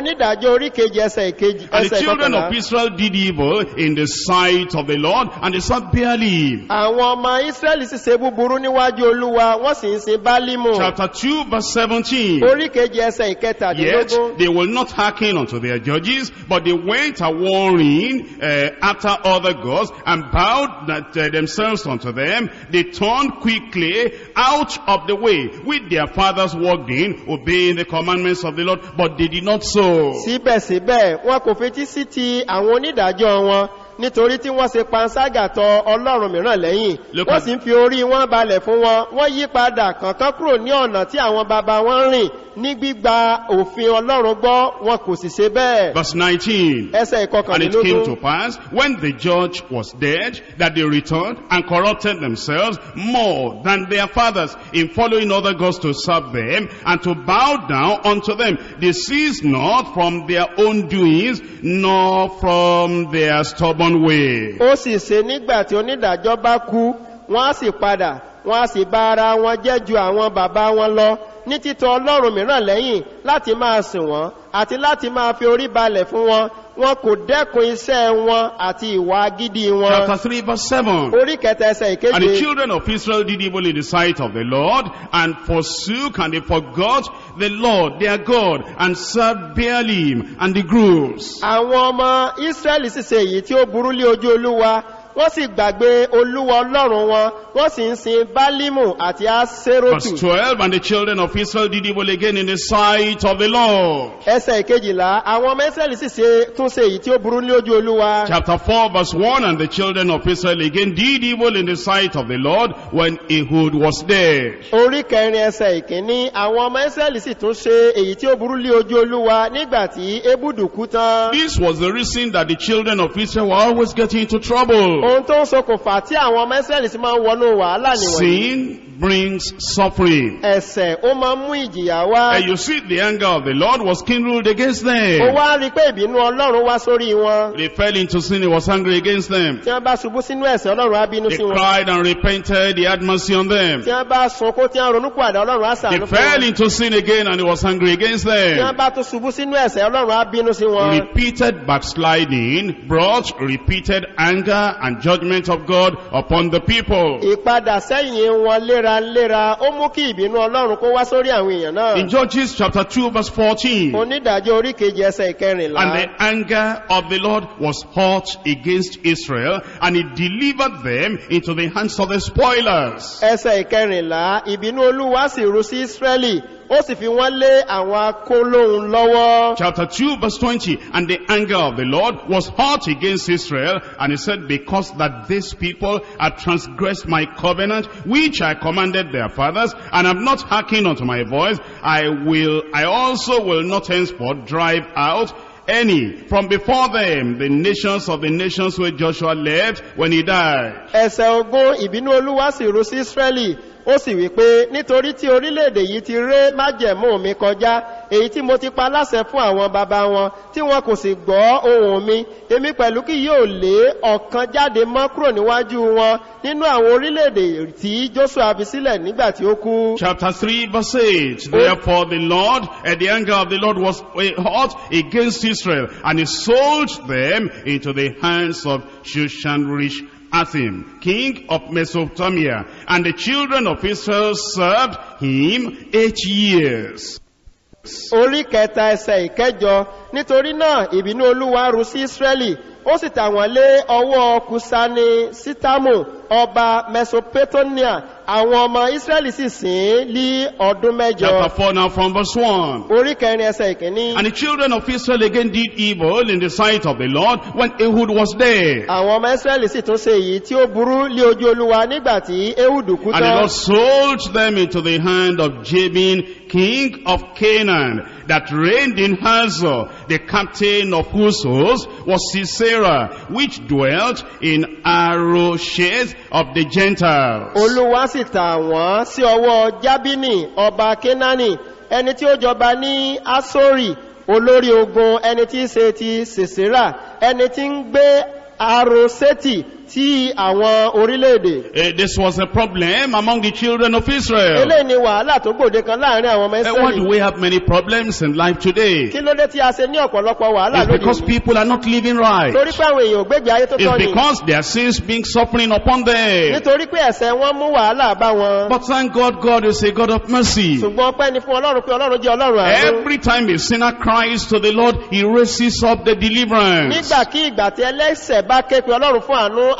onídàájọ́ ẹsẹ̀ ìkejì ẹsẹ̀ ìkọkànlá. and the children of
Israel did evil in the sight of the Lord and they sat barely.
àwọn ọmọ Israẹli sì ṣe búburú níwájú Olúwa wọ́n sì ń chapter two verse
seventeen.
ẹsẹ̀ ìkẹtàdínlógún. yet
they will not hearken unto their judges but they went a warring uh, after other gods and bowed that, uh, themselves unto them. They turned quickly out of the way with their fathers walked in obeying the commandments of the Lord but they did not so. síbẹ̀síbẹ̀
wọn kò fetí sí ti àwọn onídàájọ́ wọn nítorí tí wọ́n ṣe panságàtọ̀ ọlọ́run mìíràn lẹ́yìn wọ́n sì ń fi orí wọn balẹ̀ fún wọn wọ́n yí padà kankan kúrò ní ọ̀nà tí àwọn baba wọn rìn ní gbígba òfin ọlọ́run gbọ́ wọn kò sì ṣe bẹ́ẹ̀.
verse nineteen
ẹsẹ̀ ìkọkànlélógún and it came to
pass when the judge was dead that they returned and corrupted themselves more than their fathers in following other gods to serve them and to bow down unto them they ceased not from their own doings nor from their stubborn one way. ó sì ṣe nígbà tí onídàájọ́ bá kú wọ́n á sì
padà wọ́n á sì bá ara wọn jẹ́ ju àwọn bàbá wọn lọ ní títọ̀ ọlọ́run mìíràn lẹ́yìn láti máa sìn wọ́n àti láti máa fi orí balẹ̀ fún wọn wọn kò dẹ́kun iṣẹ́ wọn àti ìwà agídí wọn. chapter
three verse seven.
orí kẹta ẹsẹ̀ ìkeje. and the children
of Israel did evil in the sight of the Lord and forsook and they forgot the Lord their God and served Baalim and the groves. àwọn ọmọ
Israẹli sì èyí tí ó burú lé ojú Olúwa wọ́n sì gbàgbé olúwa ọlọ́run wọn wọ́n sì ń sin bálímù àti aserotu. verse
twelve and the children of israel did evil again in the sight of the lord.
ẹsẹ̀ ìkejìlá àwọn ọmọ israẹli sì ṣe tún ṣe èyí tí ó burú ní ojú olúwa.
chapter four verse one and the children of israel again did evil in the sight of the lord when ehud was there.
orí kẹrin ẹsẹ̀ ìkíní àwọn ọmọ israẹli sì tún ṣe èyí tí ó burú ní ojú olúwa nígbà tí ebudu kú tán. this
was the reason that the children of israel were always getting into trouble
ohun tó ń ṣokùnfà tí àwọn ọmọ Ísírẹ́lì sì máa ń wọnú wàhálà nìwọ̀nyí. sin
brings suffering.
ẹ̀ṣẹ̀ ó máa ń mú ìjìyà wá. and you see
the anger of the Lord was kindled against them. ó
wá rí pé ìbínú Ọlọ́run wá sórí wọn.
they fell into sin he was angry against them.
tí wọ́n bá ṣubú sínú ẹ̀ṣẹ̀ Ọlọ́run á bínú sí wọn. they cried
and repented he had mercy on them. tí
wọ́n bá sunkún tí wọ́n ronú pàdé Ọlọ́run á ṣàánú fún wọn. they fell
into sin again and he was angry against them. tí wọ́n
bá tún ṣubú sínú ẹ̀ṣẹ̀ Ọlọ́run á bínú sí wọn.
repeated backsliding brought repeated anger and and judgment of God upon the people. Ìpadà
sẹ́yìn wọn léraléra ó mú kí ìbínú Ọlọ́run kó wá sórí àwọn èèyàn náà. In
Judges chapter two verse fourteen.
Onídàájọ́ orí kejì ẹsẹ̀ ìkẹrìnlá. And the
anger of the Lord was hot against Israel and he delivered them into the hands of the spoilers.
Ẹsẹ̀ ìkẹrìnlá ìbínú Olúwa sì rú sí Ísírẹ́lì ó sì fi wọ́n lé
àwọn akólóhun lọ́wọ́. chapter two verse twenty and the anger of the lord was hot against israel and he said because that these people have transgressed my covenant which i commanded their fathers and have not hearkened unto my voice i will i also will not henceforth drive out any from before them the nations of the nations where Joshua left when he died. Ẹ̀sẹ̀ ogún ìbínú Olúwa sì
rú sí Ísírẹ́lì ó sì wípé nítorí tí orílẹ̀-èdè yìí ti ré májẹ̀mú mi kọjá èyí tí mo ti pa láṣẹ fún àwọn bàbá wọn tí wọn kò sì gbọ́ ohùn mi èmi pẹ̀lú kí yóò lé ọ̀kan jáde mọ́ kúrò níwájú wọn nínú àwọn orílẹ̀-èdè
tí Joshua fi sílẹ̀ nígbà tí ó kú. Chapter three verse eight Therefore the Lord and eh, the anger of the Lord was eh, hot against Israel and he sold them into the hands of Shushan-Rish Athim, king of Mesopotamia, and the children of Israel served him eight years.
Orí kẹta ẹsẹ̀ ìkẹjọ, nítorí náà ìbínú Olúwa rú sí Ísírẹ́lì ó sì tà lé ọwọ́ kùsani sítàmù ọba mesopotamia àwọn ọmọ israẹli sì sìn lé ọdún mẹjọ. chapter four now from verse one. orí kẹrin ẹsẹ ìkíní.
and the children of israel again did evil in the sight of the lord when ehud was there. àwọn ọmọ israẹli sì tún ṣe èyí tí ó burú lé
ojú olúwa nígbà tí ehud kú tán. and the lord
sold them into the hand of jabin king of canaan that reigned in hazor the captain of whose host was sise Sarah, which dwelt in Arosheth of the Gentiles.
Olúwa sì tà wọ́n sí ọwọ́ Jábínì ọba Kénánì ẹni tí ó jọba ní Asori olórí ogun ẹni tí í ṣe ti Sisera ẹni tí
ń gbé Aroṣeti ti àwọn orílẹ̀-èdè. Eh, this was a problem among the children of Israel. Eléyìí
ni wàhálà tó gbòde kan láàrin àwọn ọmọ eh, Ísírẹ́lì. Why do
we have many problems in life today?
Kí ló dé tí a ṣe ní ọ̀pọ̀lọpọ̀ wàhálà lónìí? It's because
people are not living right. Torí
pé àwọn èèyàn ò ayé tó tọ́ ni. It's because
their sins being suffering upon them.
Nítorí pé ẹ̀sẹ̀ wọn mú wàhálà bá wọn.
But thank God God is a God of mercy. Ṣùgbọ́n
ọpẹ́ ni fún Ọlọ́run pé Ọlọ́run jẹ́ Ọlọ́run àánú.
Every time a sinner cries to the Lord, he raises up the deliverance.
Nígbàkígbà tí ẹlẹ́sẹ̀ bá ké pe Ọlọ́run fún àánú,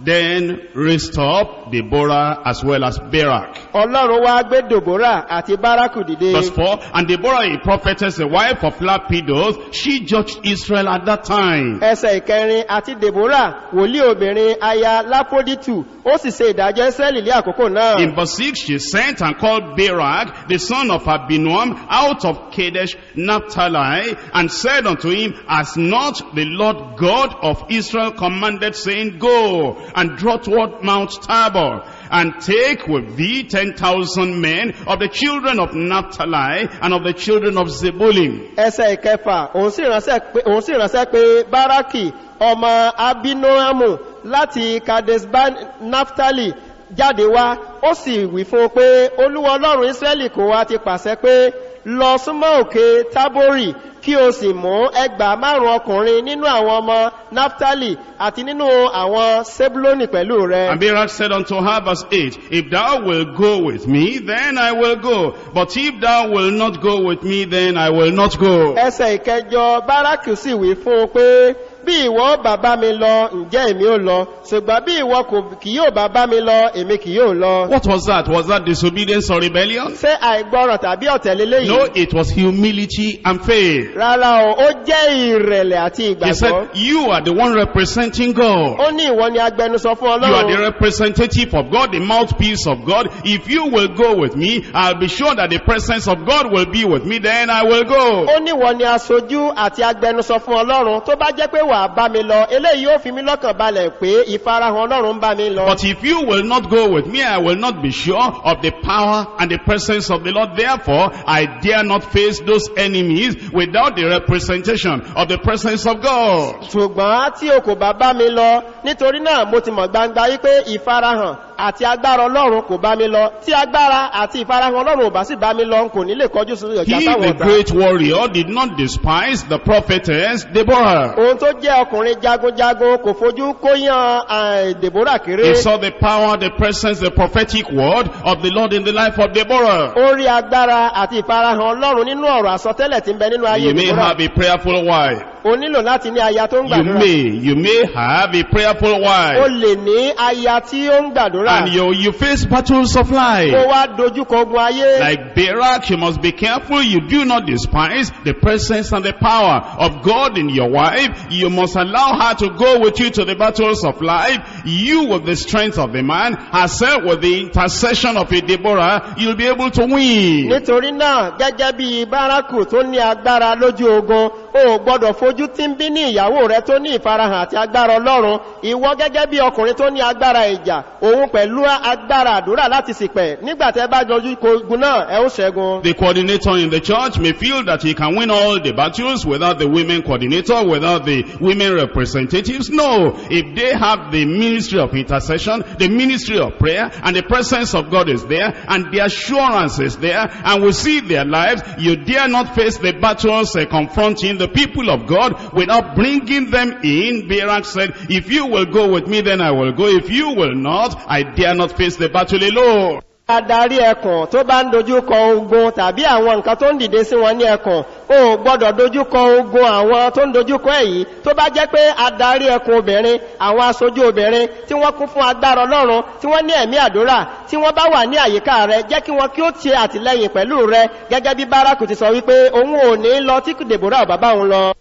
Then raised up Deborah as well as Barak
Ọlọ́run wá gbé Deborah àti Bárákù
dìde. Verse four, and Deborah a prophetess, the wife of Lapidos, she judged Israel at that time.
Ẹsẹ̀ ìkẹrin àti Deborah, wòlíì obìnrin aya Lapoditu, ó sì ṣe ìdájọ́ Ísírẹ́lì ní àkókò náà.
In verse six, she sent and called Barak, the son of Abinoam, out of Kadesh Naphtali, and said unto him, As not the Lord God of Israel commanded, saying, Go and draw toward Mount Tabor, and take with thee 10,000 men of the children of Naphtali and of the children of Zebulun.
Ẹsẹ̀ ìkẹfà, òun sì ránṣẹ́ pé Báràkì ọmọ Abinoamu láti Kadesban Naphtali jáde wá, ó sì wí fún pé Olúwa Ọlọ́run Ísírẹ́lì kò wá ti pàṣẹ pé lọ súnmọ́ òkè tábórì kí o sì mú ẹgbàá márùn ọkùnrin nínú àwọn ọmọ naphtali àti nínú àwọn sebuloni pẹ̀lú rẹ. and
barak said unto her verse eight if thou wilt go with me then i will go but if thou wilt not go with me then i will not go. ẹsẹ̀ ìkẹjọ bárakì sì wí
fún un pé bí ìwọ bàbá mi lọ ǹjẹ́ èmi ò lọ ṣùgbọ́n bí ìwọ kì yóò bàbá mi lọ èmi kì yóò lọ.
what was that was that disobedience or rebellion. ṣé àìgbọràn tàbí ọ̀tẹ̀lélẹ́ yìí. no it was humility and faith.
rárá o ó jẹ́ ìrẹ̀lẹ̀ àti ìgbàgbọ́. he said
you are the one representing God.
ó ní ìwọ ni agbẹnusọ fún ọlọ́run. you are the
representative of God the mouthpiece of God if you will go with me I'll be sure that the presence of God will be with me then I will go.
ó ní ìwọ ni aṣojú àti agbẹnusọ fún ọlọ́run tó bá jẹ́ pé wà wà bá mi lọ eléyìí ó fi mí lọ́kàn balẹ̀ pé ìfarahàn ọlọ́run bá mi lọ. but
if you will not go with me I will not be sure of the power and the presence of the Lord therefore I dare not face those enemies without the representation of the presence
of God. ṣùgbọ́n tí o kò bá bá mi lọ nítorí náà mo ti mọ̀ gbangba yí pé ìfarahàn àti agbára ọlọ́run kò bá mi lọ tí agbára àti ìfarahàn ọlọ́run ò bá sì bá mi lọ kò ní lè kọjú sí ọjà táwọn ọ̀tá. he the
great warrior did not despise the prophetess deborah.
ohun tó jẹ́ ọkùnrin jagunjagun kò fojú kóyán deborah kéré. he saw
the power the presence the prophetic word of the lord in the life of deborah.
ó rí agbára àti ìfarahàn ọlọ́run nínú ọ̀rọ̀ àsọtẹ́lẹ̀ tí ń bẹ nínú ayé deborah. you may have
a prayerful wife
o láti ní aya tó ń gbàdúrà. you
may you may have a prayerful wife. o
lè ní aya tí
ó ń gbàdúrà. and you you face battles of life. kó wá dojúkọ ogun ayé. like Barak you must be careful you do not despise the presence and the power of God in your wife. You must allow her to go with you to the battles of life. You with the strength of a man, herself with the intercession of a Deborah, you'll be able to win. nítorí
náà gẹ́gẹ́ bí bárakù tó ní agbára lójú ogun o gbọ́dọ̀ fojú. ojú tí ń bí ní ìyàwó rẹ tó ní ìfarahàn àti agbára ọlọ́run ìwọ gẹ́gẹ́ bí ọkùnrin tó ní agbára ìjà òun pẹ̀lú agbára àdúrà láti sìpẹ̀ nígbà bá jọjú náà ẹ ó ṣẹ́gun.
The coordinator in the church may feel that he can win all the battles without the women coordinator without the women representatives. No, if they have the ministry of intercession, the ministry of prayer and the presence of God is there and the assurance is there and we see their lives, you dare not face the battles uh, confronting the people of God God without bringing them in. Barak said, if you will go with me, then I will go. If you will not, I dare not face the battle alone.
Adarí ẹkùn tó bá ń dojúkọ ogun tàbí àwọn nǹkan tó ń dìde sí wọn ní ẹkùn, ó gbọ́dọ̀ dojúkọ ogun àwọn tó ń dojúkọ èyí tó bá jẹ́ pé adarí ẹkùn obìnrin, àwọn aṣojú obìnrin tí wọ́n kún fún agbára ọlọ́run, tí wọ́n ní ẹ̀mí àdúrà, tí wọ́n bá wà ní àyíká rẹ, jẹ́ kí wọn kí ó ti àtìlẹ́yìn pẹ̀lú rẹ gẹ́gẹ́ bí Bárákù ti sọ wípé òun ò ní lọ tí Dèbórà bàbá òun lọ.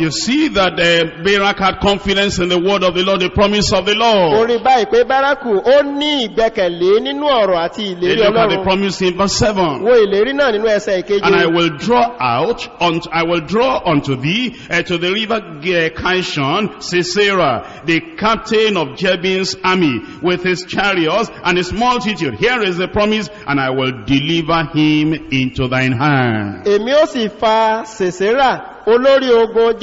You see that uh, Barak had confidence in the word of the Lord, the promise of the Lord. They look at the promise in verse seven.
And I
will draw out, unto, I will draw unto thee uh, to the river uh, Kishon, Sisera, the captain of Jebin's army, with his chariots and his multitude. Here is the promise, and I will deliver him into thine hand.
Sisera,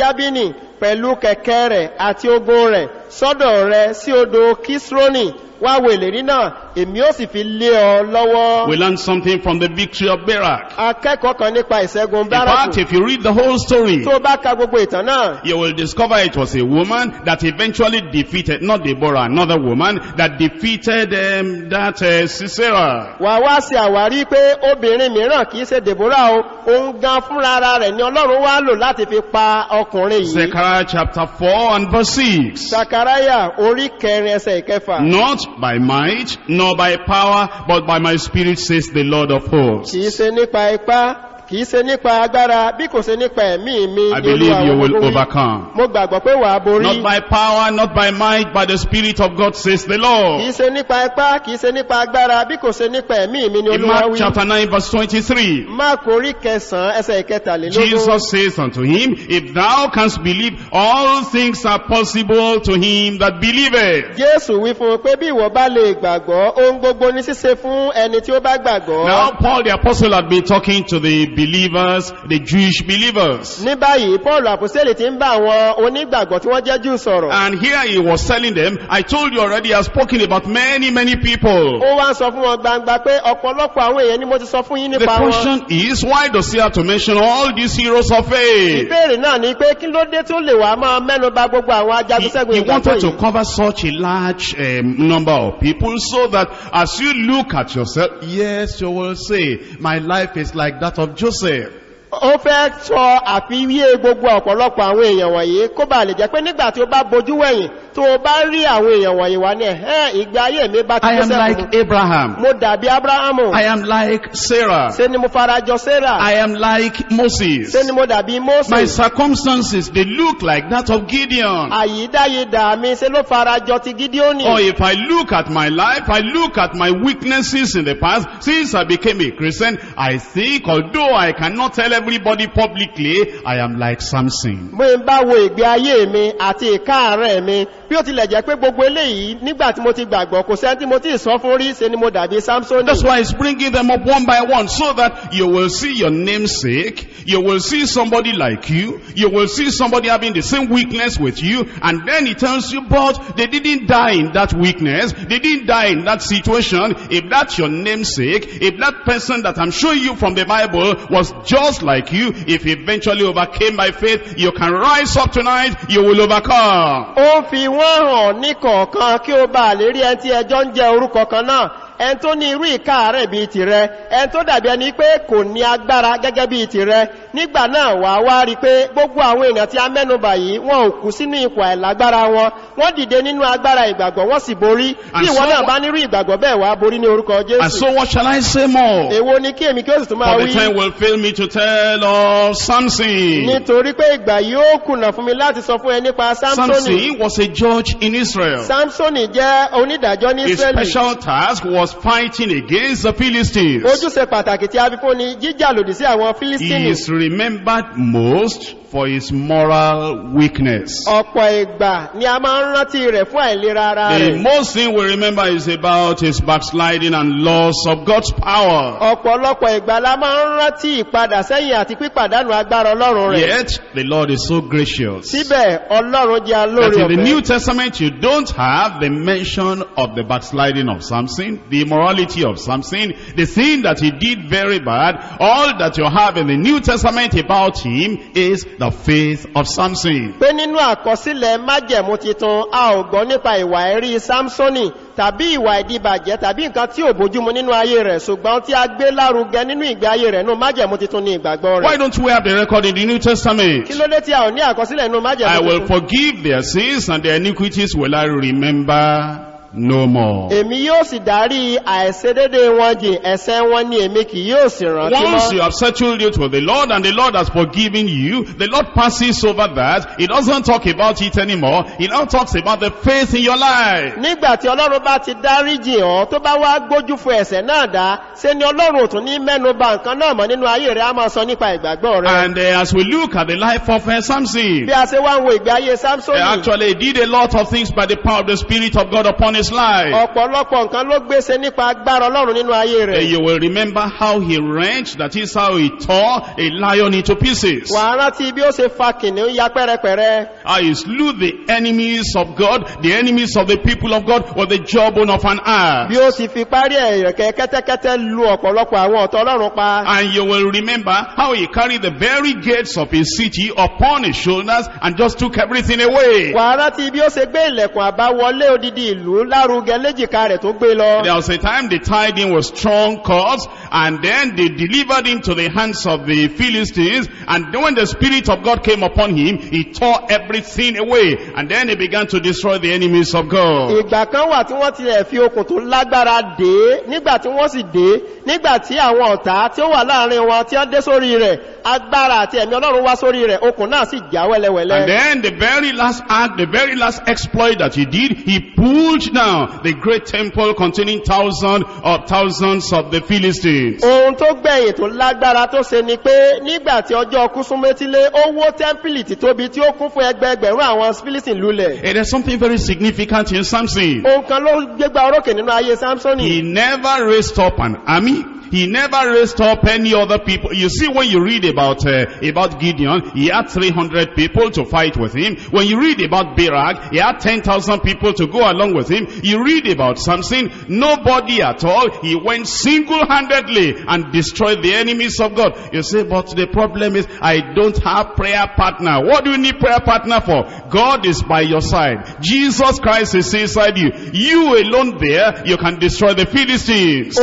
jábínì pẹ̀lú kẹ̀kẹ́ rẹ̀ àti ogun rẹ̀ sọ́dọ̀ rẹ sí odò kisroni wá wo ìlérí náà èmi ó sì fi lé ọ lọ́wọ́.
we learn something from the victory of barak.
akẹ́kọ̀ọ́ kan nípa ìṣẹ́gun baraku. in fact
if you read the whole story. tó o bá ka gbogbo ìtàn náà. you will discover it was a woman that eventually defeated not deborah another woman that defeated um, that uh, sisera.
wà wá sí àwárí pé obìnrin mìíràn kì í ṣe deborah o òun gan fúnra rẹ̀ ni ọlọ́run wá lò láti fi pa ọkùnrin
yìí. zechariah chapter four and verse six.
Zechariah orí kẹrin ẹsẹ̀ ìkẹfà.
Not by might nor by power but by my spirit says the Lord of hosts.
Kì í ṣe nípa ipá kìí ṣe nípa agbára bí kò ṣe nípa ẹ̀mí mi I believe you will overcome. Mo gbàgbọ́ pé wà á borí. Not
by power, not by might, by the spirit of God says the
Lord. Kìí ṣe nípa ipá, kìí ṣe nípa agbára bí kò ṣe nípa ẹ̀mí mi ni Olúwa wí. In Mark chapter
nine verse twenty-three.
Mark orí kẹsàn-án ẹsẹ̀ ìkẹtàlélógún. Jesus
says unto him, If thou canst believe, all things are possible to him that believeth. Jésù wí fún un pé
bí ìwọ bá lè gbàgbọ́, ohun gbogbo ni ṣíṣe fún ẹni tí ó bá gbàgbọ́. Now
Paul the apostle had been talking to the believers, the Jewish believers.
Ní báyìí, àpòsílẹ̀ ti ń bá àwọn onígbàgbọ́ tí wọ́n jẹ́ Jew sọ̀rọ̀. And here he was selling them, I told you already, I have spoken
about many, many people. Ó
wá ń sọ fún wọn gbangba pé ọ̀pọ̀lọpọ̀ àwọn èèyàn ni mo ti sọ fún yín nípa wọn. The
question is, why does he have to mention all these heroes of faith?
Ìbéèrè náà ni pé kí ló dé tó lè wá máa mẹ́nu bà gbogbo àwọn ajagun sẹ́gun ìgbàgbọ́ yìí. He wanted to
cover such a large um, number of people so that as you look at yourself, yes, you will say, my life is like that of Joseph
ó fẹ́ sọ àfiwé gbogbo ọ̀pọ̀lọpọ̀ àwọn èèyàn wọ̀nyí kó bà lè jẹ́ pé nígbà tí ó bá bojú wẹ̀yìn tó o bá rí àwọn èèyàn wọ̀nyí wá ní ẹ̀hẹ́ ìgbé ayé
mi bá ti kó I am like Abraham. mo
dàbí Abrahamu.
I am like Sarah. ṣé
ni mo farajọ Sarah. I am like Moses. ṣé ni mo dàbí Moses. My circumstances they
look like that of Gideon.
àyídáyidà mi ṣe ló farajọ ti Gideoni. Or
oh, if I look at my life, I look at my weaknesses in the past since I became a Christian, I think although I cannot tell everybody publicly, I am like Samson. ayé That's why he's bringing them up one by one so that you will see your namesake, you will see somebody like you, you will see somebody having the same weakness with you, and then he tells you, but they didn't die in that weakness, they didn't die in that situation. If that's your namesake, if that person that I'm showing you from the Bible was just like you, if eventually overcame by faith, you can rise up tonight, you will overcome.
ẹn tó ní irú ìka rẹ̀ bíi tìrẹ ẹn tó dàbí ẹni pé kò ní agbára gẹ́gẹ́ bíi tìrẹ nígbà náà wà wá rí pé gbogbo àwọn èèyàn tí a mẹ́nubà yìí wọn ò kú sínú ipò àìlágbára wọn wọ́n dìde nínú agbára ìgbàgbọ́ wọ́n sì borí bí ìwọ náà bá nírú ìgbàgbọ́ bẹ́ẹ̀ wá borí ní orúkọ jésù. and so what shall I say more. èwo ni kí èmi kí ó sì tún máa wí. for the time
will fail me to tell of Samson.
nítorí pé ìgbà yóò kùnà fún mi láti sọ fún ẹ nípa Samson. Samson
was a judge in Israel.
Samson jẹ́ onídàájọ́
ní Israeli. his special task was was fighting against the Philistines.
Ojúṣe pàtàkì tí a fi fún ni jíjà lòdì sí àwọn Philistines. He is
remembered most for his moral weakness.
Ọ̀pọ̀ ìgbà ni a máa ń rántí rẹ̀ fún àìlera ara rẹ̀. The
most thing we remember is about his backsliding and loss of God's power. Ọ̀pọ̀lọpọ̀ ìgbà la
máa ń rántí ìpadà sẹ́yìn àti pípàdánù agbára Ọlọ́run rẹ̀. Yet
the Lord is so gracious.
Síbẹ̀ Ọlọ́run jẹ́ alóore ọ̀fẹ́. That in the New
Testament you don't have the mention of the backsliding of Samson. The the immorality of Samson, the sin that he did very bad, all that you have in the New Testament about him is the faith of Samson.
Pé nínú àkọsílẹ̀ májẹ̀mú titun, a ò gbọ́ nípa ìwà ẹ̀rí Samsoni tàbí ìwà ìdíbàjẹ́ tàbí nǹkan tí ò bójúmu nínú ayé rẹ̀ ṣùgbọ́n tí a gbé lárugẹ nínú ìgbé ayé rẹ̀ nínú májẹ̀mú titun ní ìgbàgbọ́ rẹ̀. Why
don't we have the record in the New Testament?
Kí ló dé tí a ò ní àkọsílẹ̀ nínú májẹ̀mú titun? I will
forgive their sins and their iniquities will I remember. no more.
Èmi yóò sì dárí àìṣedédé wọn jìn ẹ̀ṣẹ̀ wọn ni èmi kì yóò sì rántí mọ́. Once
you have settled it with the Lord and the Lord has forgiven you, the Lord passes over that. He doesn't talk about it anymore. He now talks about the faith in your life.
Nígbà tí Ọlọ́run bá ti dárí jìn ọ́, tó bá wá gbójú fún ẹ̀ṣẹ̀ náà dá, ṣe ni Ọlọ́run ò tún ní mẹ́nu bà nǹkan náà mọ́ nínú ayé rẹ̀, a máa sọ nípa ìgbàgbọ́
rẹ̀. And uh, as we look at the life of uh, Samson. Bí a
ṣe wá ń wo ìgbé ayé Samson.
Actually, did a lot of things by the power of the Spirit of God upon his his life. Ọ̀pọ̀lọpọ̀ nǹkan ló gbéṣe nípa
agbára Ọlọ́run nínú ayé rẹ̀. And
you will remember how he wrenched, that is how he tore a lion into pieces. Wà á rántí bí ó ṣe fa kìnìún ya pẹ́rẹpẹ̀rẹ. How slew the enemies of God, the enemies of the people of God with the jawbone of an ass.
Bí ó sì fi parí ẹ̀yẹ̀kẹ́ kẹ́tẹ́kẹ́tẹ́ lu ọ̀pọ̀lọpọ̀ àwọn ọ̀tọ̀ Ọlọ́run pa.
And you will remember how he carried the very gates of his city upon his shoulders and just took everything away. Wà á rántí bí ó ṣe gbé ilẹ̀kùn àbáwọlé odidi ìlú lá lárugẹ léjìká rẹ̀ tó gbé lọ. There was a time the tied was strong cause, and then they delivered him to the hands of the Philistines and then when the spirit of God came upon him he tore everything away and then he began to destroy the enemies of God.
Ìgbà kan wà tí wọ́n tilẹ̀ fi okùn tó lágbára dé nígbà tí wọ́n sì dé nígbà tí àwọn ọ̀tá tí ó wà láàrin wọn tí wọ́n dé sórí rẹ̀ agbára àti ẹ̀mí ọlọ́run wá sórí rẹ̀ okùn náà sì já wẹ́lẹ́wẹ́lẹ́. And
then the very last act the very last exploit that he did he pulled Now the great temple containing thousands of uh, thousands of the Philistines. Ohun tó gbẹ̀yìn tó
lágbára tó ṣe ni pé nígbà tí ọjọ́ Kúsúmétílé ó wó tẹ́ḿpìlì títóbi tí ó kún fún ẹgbẹẹgbẹ̀rún àwọn Philistines lulẹ̀.
It is something very significant in Samson. Ohun kan ló gbégbá orókè nínú ayé Samson. He never raised up an army. He never raised up any other people. You see, when you read about, uh, about Gideon, he had 300 people to fight with him. When you read about Barak, he had 10,000 people to go along with him. You read about Samson, nobody at all. He went single-handedly and destroyed the enemies of God. You see, but the problem is, I don't have prayer partner. What do you need prayer partner for? God is by your side. Jesus Christ is inside you. You alone there, you can destroy the Philistines.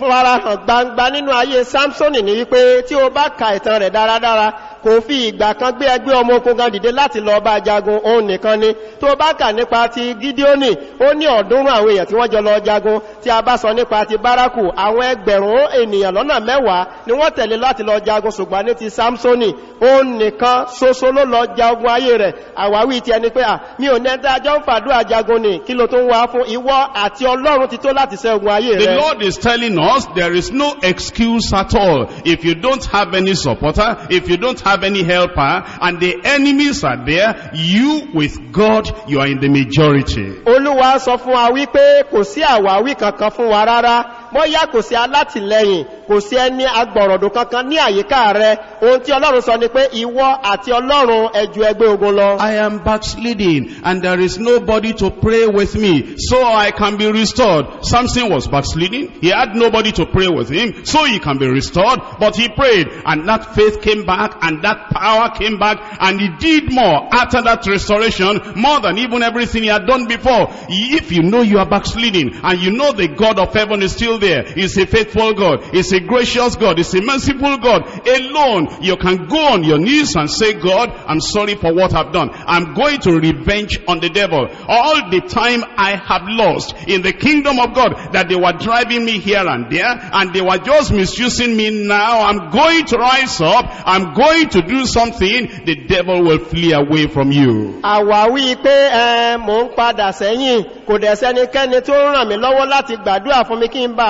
farahàn gbangba nínú ayé samsoni ni wípé tí o bá ka ìtàn dara dara. kò fi ìgbà kan gbé ẹgbẹ́ ọmọ ogun gan dìde láti lọ bá jagun òun nìkan ni tó bá kà nípa ti gídíónì ó ní ọ̀ọ́dúnrún àwọn èèyàn tí wọ́n jọ lọ jagun tí a bá sọ nípa ti bárákù àwọn ẹgbẹ̀rún ènìyàn lọ́nà mẹ́wàá ni wọ́n tẹ̀lé láti lọ jagun ṣùgbọ́n ní ti samsoni òun nìkan ṣoṣo ló lọ jagun ayé rẹ̀ àwáwí ti ẹni pé à mi ò ní ẹ̀dá jọ ń fàdúrà jagun ni kí ló tó ń wá fún ìwọ àti ọlọ́run ti tó láti ṣẹ́gun ayé rẹ̀. the lord
is telling us there is no excuse at all if you don't have any supporter if you don't have have any helper and the enemies are there, you with God, you are in the majority.
bọ́yá kò sí alátìlẹyìn kò sí ẹni agbọ̀rọ̀dùn kankan ní àyíká rẹ ohun tí ọlọ́run sọ ni pé ìwọ àti ọlọ́run ẹjù
ẹgbẹ́ ogun lọ. I am backsliding and there is nobody to pray with me so I can be restored. Samson was backsliding. He had nobody to pray with him so he can be restored. But he prayed and that faith came back and that power came back and he did more after that restoration more than even everything he had done before. If you know you are backsliding and you know the God of heaven is still there is there. He's a faithful God. He's a gracious God. He's a merciful God. Alone, you can go on your knees and say, God, I'm sorry for what I've done. I'm going to revenge on the devil. All the time I have lost in the kingdom of God that they were driving me here and there and they were just misusing me now. I'm going to rise up. I'm going to do something. The devil will flee away from you.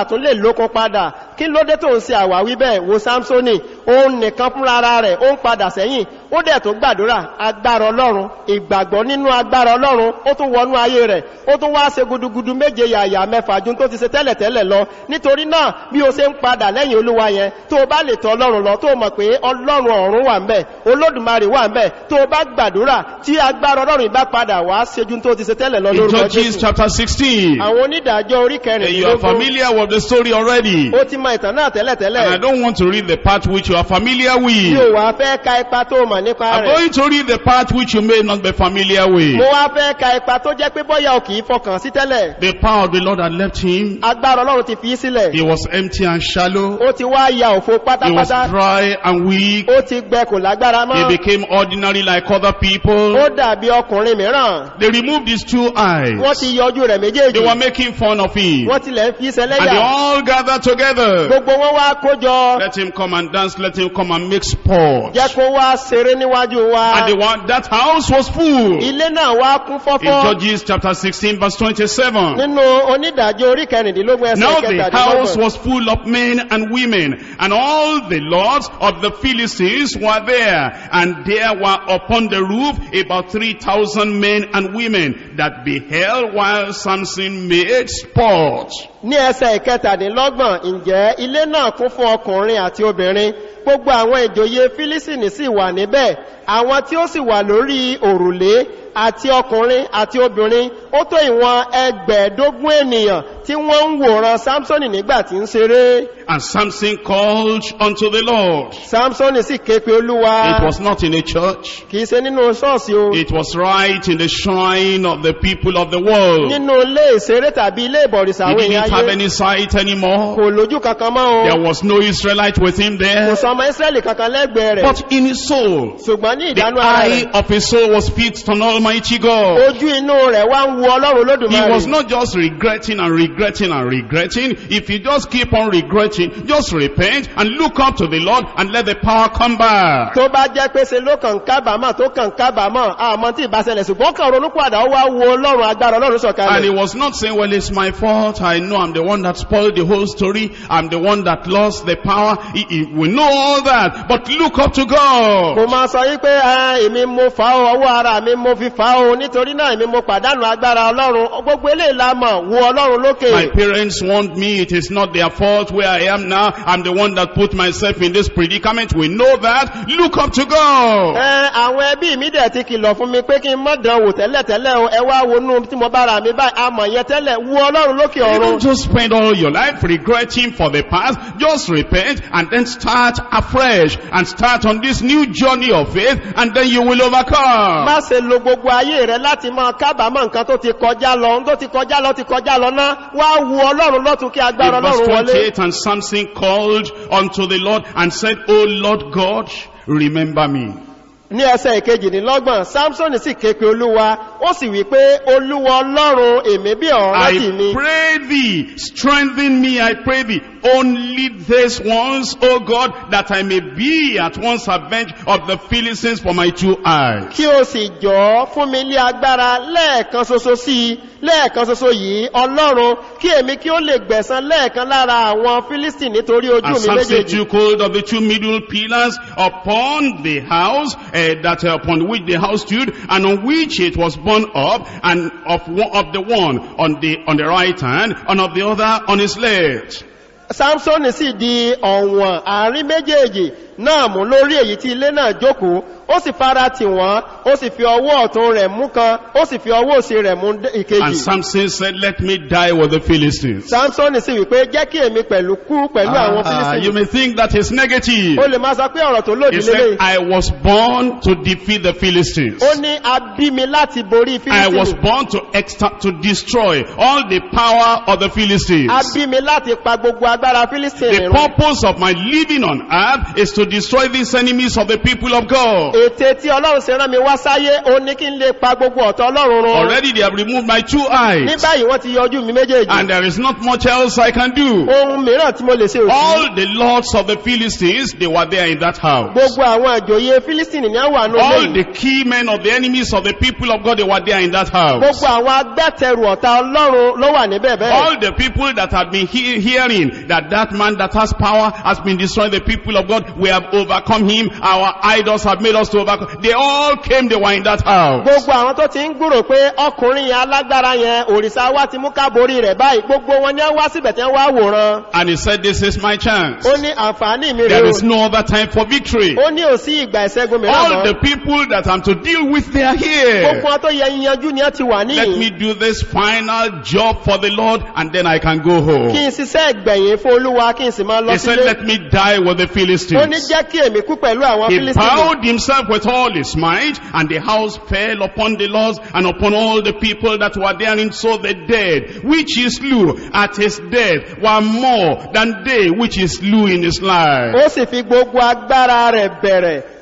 àtún lè padà kí ló dé tó ń ṣe àwáwí bẹ́ẹ̀ wo samsoni òun nìkan fúnra ara rẹ̀ ó ń padà sẹ́yìn ó dẹ̀ tó gbàdúrà agbára ọlọ́run ìgbàgbọ́ nínú agbára ọlọ́run ó tún wọnú ayé rẹ̀ ó tún wá ṣe gudugudu méje yàyà mẹ́fà ju tó ti ṣe tẹ́lẹ̀tẹ́lẹ̀ lọ nítorí náà bí o ṣe ń padà lẹ́yìn olúwa yẹn tó o bá lè tọ̀ ọlọ́run lọ tó o mọ̀ pé ọlọ́run ọ̀run wà ń olódùmarè wà ń tó o bá gbàdúrà tí agbára ọlọ́run ìbá padà wá ṣe ju tó ti ṣe tẹ́lẹ̀ lọ lórúkọ jésù. in Judges chapter
sixteen.
àwọn you familiar
with the story already
mọ ìtàn náà tẹ́lẹ̀tẹ́lẹ̀. and I
don't want to read the part which you are familiar with. mi ò
wá fẹ́ ka ipa tó mọ̀ nípa rẹ̀. I'm going
to read the part which you may not be familiar with. mo
wá fẹ́ ka ipa tó jẹ́ pé bóyá o kì í fọkàn sí tẹ́lẹ̀. the
power of the Lord had left him. agbára Ọlọ́run ti fi í sílẹ̀. he was empty and shallow. ó ti wá ya òfo pátápátá. he was dry and weak. ó ti gbẹ kò lágbára mọ́. he became ordinary like other people. ó dàbí ọkùnrin mìíràn. they removed his two eyes. wọ́n ti yọ rẹ̀ méjèèjì. they were making fun of him. wọ́n tilẹ̀ fi í sẹ́lẹ̀yà. and they all gathered together. Gbogbo wọn wá kójọ. Let him come and dance, let him come and make sport. Jẹ́ kó wá ṣeré níwájú wa. And the one, that house was full. Ilé náà wá kún fọ́fọ́. In Judges chapter sixteen verse twenty-seven.
Nínú onídàájọ́ orí kẹrìndínlógún ẹsẹ̀ kẹtàdínlógún. Now the house
was full of men and women and all the lords of the Philistines were there and there were upon the roof about three thousand men and women that beheld while Samson made sport
ní ẹsẹ̀ ìkẹtàdínlọ́gbọ̀n ǹjẹ́ ilé náà kún fún ọkùnrin àti obìnrin gbogbo àwọn ìjòyè fílísìnì sì wà níbẹ̀ àwọn tí ó sì wà lórí òrùlé àti ọkùnrin àti obìnrin ó tó ìwọ̀n ẹgbẹ̀ẹ́dógún ènìyàn tí wọ́n ń wòran samson nígbà tí ń ṣeré. and samson called
unto the lord. samson sì ké pe olúwa. it was not in a church. kì í ṣe nínú ṣọ́ọ̀ṣì o. it was right in the shrine of the people of the world. nínú ilé ìṣeré
tàbí ilé ìbọ̀rìṣà ayé. he didn't have
any sight anymore. kò lójú kankan mọ́ o. there was no israelite with him there. kò sọ ọmọ israeli kankan lẹ́gbẹ̀ẹ́ rẹ̀. but in his soul. ṣùgbọ́n ní ìdánù ara rẹ̀. the eye of his soul was fixed on all Almighty God. He was not just regretting and regretting and regretting. If you just keep on regretting, just repent and look up to the Lord and let the power come back. And he was not saying, well, it's my fault. I know I'm the one that spoiled the whole story. I'm the one that lost the power. He, he, we know all that. But look up to God.
fà ó nítorí náà èmi mo pàdánù agbára ọlọ́run gbogbo eléyìí la mọ̀
wo ọlọ́run lókè. my parents warned me it is not their fault where I am now I'm the one that put myself in this predicament we know that look up to God.
ẹ àwọn ẹbí mi dẹ̀ ti kìlọ̀ fún mi pé kí n tí mo bára mi báyìí àmọ̀ yẹn tẹ́lẹ̀ wo ọlọ́run lókè ọ̀run. you don't
just spend all your life regretting for the past just repent and then start afresh and start on this new journey of faith and then you will overcome. má
ṣe lo gbogbo ayé rẹ láti máa kábàámọ̀
nǹkan tó ti kọjá lọ tó ti kọjá lọ ti kọjá
lọ náà wá wu ọlọ́run lọ́tún kí agbára ọlọ́run wọlé. verse twenty-eight
and something called unto the Lord and said O Lord God remember me ní ẹsẹ̀ ìkejìdínlọ́gbọ̀n
samson sì képe olúwa ó sì wí pé olúwa ọlọ́run èmi bí ọ̀rọ̀ láti
mi. i pray thee strengthen me i pray thee only this once o god that i may be at once avenged of the philistines for my two eyes. kí
o sì jọ fún mi ní agbára lẹ́ẹ̀kan ṣoṣo sí i lẹ́ẹ̀kan ṣoṣo yìí ọlọ́run kí èmi kí ó lè gbẹ̀san lẹ́ẹ̀kan lára àwọn philistine nítorí ojú mi méjèèjì. and samson took
hold of the two middle pillars upon the house. Eh, uh, that upon which the house stood and on which it was borne up and of, one, of the one on the, on the right hand and of the other on his left.
Samson sì di ọ̀wọ̀n náà mú lórí èyí tí ilé náà jókòó ó sì fara tì wọ́n ó sì fi ọwọ́ ọ̀tún rẹ̀ mú kan ó sì fi ọwọ́ òsì rẹ̀ mú ìkejì. and
Samson said let me die with the Philistines.
Samson sì wípé jẹ́ kí èmi pẹ̀lú kú pẹ̀lú ah, àwọn Philistines. Ah, you
may think that is negative. o lè máa sọ pé ọ̀rọ̀ tó lòdì lélẹ̀. he said I was born to defeat the Philistines. ó ní a bí mi láti borí Philistines. I was born to extra to destroy all the power of the Philistines. a bí mi láti pa gbogbo agbára Philistines. the purpose of my living on earth is to destroy these enemies of the people of God. Ète tí Ọlọ́run ṣe rán mi wá
sáyé, ó ní kí n lè pa gbogbo ọ̀tọ̀ Ọlọ́run run. Already
they have removed my two eyes. Ní báyìí wọ́n ti yọ mi méjèèjì. And there is not much else I can do. Ohun mìíràn tí mo lè ṣe òsì. All the lords of the Philistines, they were there in that house. Gbogbo àwọn àjòyè Philistine ni a wà nínú. All the key men of the enemies of the people of God, they were there in that house.
Gbogbo àwọn agbẹ́tẹrù ọ̀tá Ọlọ́run ló wà
níbẹ̀ bẹ́ẹ̀. All the people that had been he hearing that that man that has power has been destroying the people of God were have overcome him. Our idols have made us to overcome. They all came, they were in that house. Gbogbo àwọn tó ti ń gbúrò pé ọkùnrin yẹn alágbára yẹn òrìṣà wa ti mú káborí
rẹ̀ báyìí. Gbogbo wọn ni wá síbẹ̀ tí wọ́n wá wòran.
And he said, this is my chance.
Ó ní àǹfààní mi rẹ̀ o. There is no
other time for victory. Ó
ní òsí ìgbà ìṣẹ́gun mìíràn All the
people that I'm to deal with, they are here. Gbogbo wọn tó yẹ ìyanjú ni ẹ ti wà níyì. Let me do this final job for the Lord and then I can go home. Kí
n ṣiṣẹ́ ìgbẹ̀yìn fún Olúwa kí n sì máa lọ sílé. He said, let
me die with the Philistines. Ó ní
He bowed
himself with all his might and the house fell upon the laws and upon all the people that were therein so the dead which he slew at his death were more than they which he slew in his life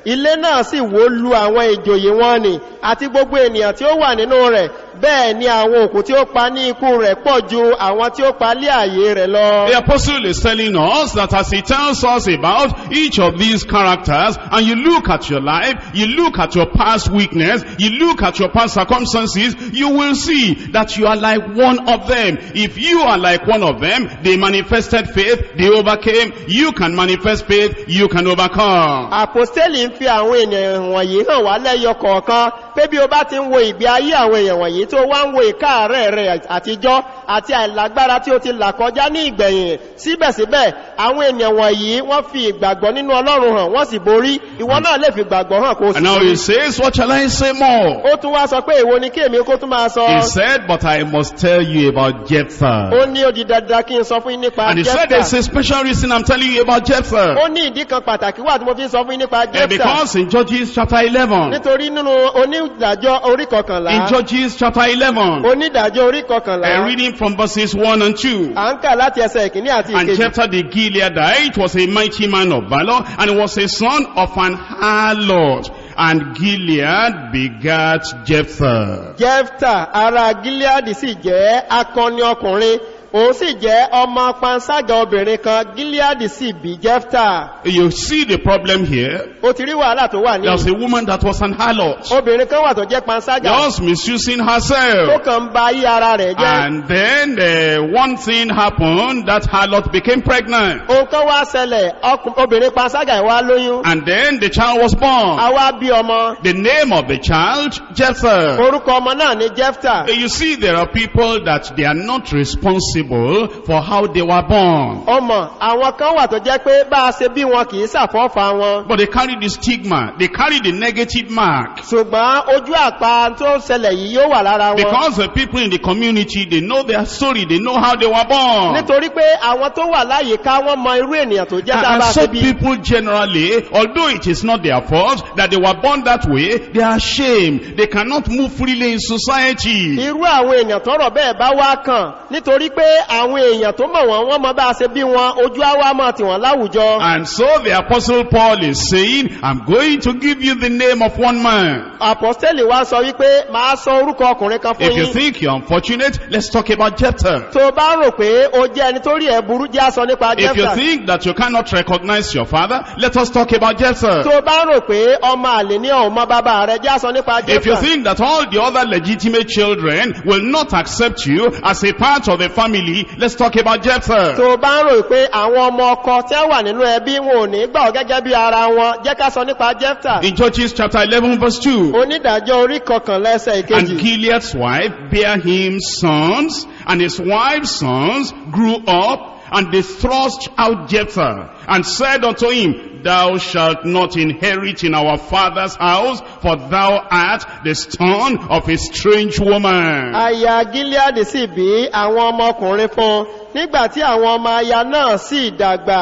ilé náà sì wó lu àwọn ìjòyè wọn ni àti gbogbo ènìyàn tí ó wà nínú rẹ̀ bẹ́ẹ̀ ni àwọn òkú tí ó pa ní ikú rẹ̀ pọ̀ ju àwọn tí ó pa lé àyè rẹ̀ lọ. The
apostle is telling us that as he tells us about each of these characters and you look at your life, you look at your past weakness, you look at your past circumstances, you will see that you are like one of them. If you are like one of them, they manifested faith, they overcame. You can manifest faith, you can overcome.
Àpòstélì fi àwọn ènìyàn wọ̀nyí hàn wá lẹ́yọ kọ̀ọ̀kan pé bí o bá ti ń wo ìgbé ayé àwọn èèyàn wọ̀nyí tó wá ń wo ìkáàárẹ̀ rẹ̀ àtijọ́ àti àìlágbára tí o ti là kọjá ní ìgbẹ̀yìn síbẹ̀síbẹ̀ àwọn ènìyàn wọ̀nyí wọ́n fi ìgbàgbọ́ nínú ọlọ́run hàn wọ́n sì borí ìwọ hmm. náà lè fi ìgbàgbọ́ hàn kó sì and now he
says what shall I say more.
ó tún wá sọ pé èwo ni kí èmi kó tún máa sọ. he
said but I must tell you about Jephthah. ó
ní ó dandan kí n sọ fún yín nípa Jephthah. and he said there is
a special reason I'm telling you about Jephthah. ó
ní ìdí kan pàtàkì wà tí mo fi ń sọ fún yín nípa Jephthah. Because
in Judges chapter eleven.
Nítorí nínú onídàájọ́ orí kọkànlá. In
Judges chapter eleven. Onídàájọ́ orí kọkànlá. And reading from verses one and two. À ń kà láti ẹsẹ̀ ìkíní àti ìkejì. And Jephthah the Gileadite was a mighty man of valor and was a son of an harlot. And Gilead begat Jephthah.
Jephthah ara Gilead sì jẹ́ akọni ọkùnrin òun sì jẹ́ ọmọ panṣágà obìnrin kan gilead sì bí jefta.
you see the problem here.
o ti rí wàhálà tó wà ní. there was
a woman that was an harlot.
obìnrin kan wà tó jẹ́ panṣágà. just
misusing herself. tó
kàn ba ayé ara rẹ̀ jẹ́.
and then uh, one thing happened that harlot became pregnant.
ohun wá ṣẹlẹ̀ obìnrin panṣágà wá lóyún.
and then the child was born. àwa bí ọmọ. the name of the
child jefta. orúkọ ọmọ náà ni jefta.
you see there are people that they are not responsible responsible for how they were born. ọmọ àwọn kan wà tó jẹ́ pé bá a ṣe bí
wọn kì í ṣàfọ́fà wọn.
but they carry the stigma they carry the negative mark. ṣùgbọ́n
ojú àpá tó ń ṣẹlẹ̀ yìí yóò wà lára wọn. because
the people in the community they know their story they know how they were born.
nítorí pé àwọn tó wà láyìíká wọn mọ irú ènìyàn tó jẹ́ tá ṣe bí. and so
people generally although it is not their fault that they were born that way they are ashamed they cannot move freely in society.
irú àwọn èèyàn tọrọ bẹẹ bá wá kàn nítorí pé àwọn èèyàn tó mọ̀ wọ́n wọ́n mọ bá a ṣe bí wọn ojú àwa mọ̀ tí wọ́n láwùjọ.
and so the apostle paul is saying i'm going to give you the name of one man. apostoli wa sọ wípé màá sọ orúkọ ọkùnrin kan fún yín. if you think you're unfortunate let's talk about jephthah. tó o bá rò pé o jẹ́ ẹni tó rí ẹ̀ burú jẹ́ aṣọ nípa jephthah. if you think that you cannot recognize your father let us talk about jephthah.
tó o bá rò pé ọmọ àlè ní ọ̀hún bàbá rẹ̀ jẹ́ aṣọ nípa jephthah. if you think
that all the other legitimate children will not accept you as a part of the family family let's talk about Jephthah. tó
o bá ń rò pé àwọn ọmọ ọkọ tí wọ́n wà nínú ẹbí wọn ò ní gbọ́ gẹ́gẹ́ bí ara wọn jẹ́ ká sọ nípa Jephthah.
in Judges chapter eleven verse two. onídàájọ́ orí kọkànlá ẹsẹ̀ ìkejì. and Gilead's wife bear him sons and his wife's sons grew up and they thrust out Jephthah and said unto him Thou shalt not inherit in our father's house, for thou art the son of a strange woman. Aya Gilead sì bí àwọn
ọmọkùnrin fún nígbà tí àwọn ọmọ aya náà sì dàgbà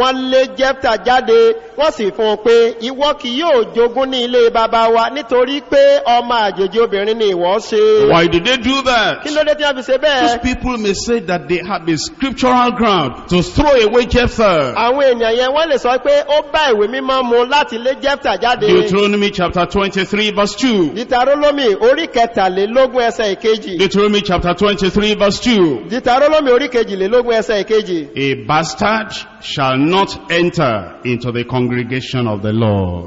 wọ́n lé jẹ́pítà jáde wọ́n sì fún un pé ìwọ kì yóò jogún ní ilé bàbá wa nítorí pé ọmọ àjèjì obìnrin ni ìwọ ṣe. why did
they do that.
kí ló dé tí wọ́n fi ṣe bẹ́ẹ̀. these
people may say that they have a scriptural ground to throw away jẹ́pítà.
àwọn ènìyàn yẹn wọ́n lè sọ pé ó bá ìwé mímọ́ mu láti lé jẹ́pítà jáde.
deuteronomy chapter twenty-three verse two.
deuteronomy orí kẹtàlélógún ẹsẹ̀ ìkejì.
deuteronomy chapter twenty-three verse two.
deuteronomy orí kejìlélógún ẹsẹ̀ ìkejì.
a bastard shall not enter into the congregation of the Lord.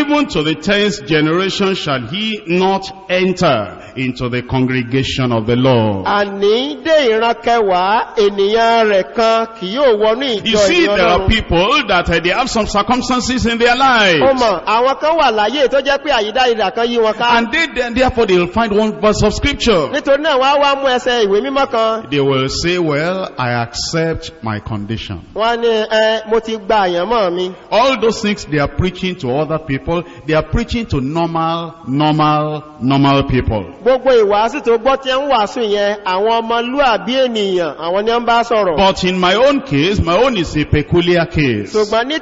Even to the tenth generation shall he not enter into the congregation of the Lord.
You see there are
people that uh, they have some circumstances in their lives. And they, they therefore they will find one verse of scripture. They will say say, well, I accept my condition. All those things they are preaching to other people, they are preaching to normal, normal, normal people. But in my own case, my own is a peculiar case. Why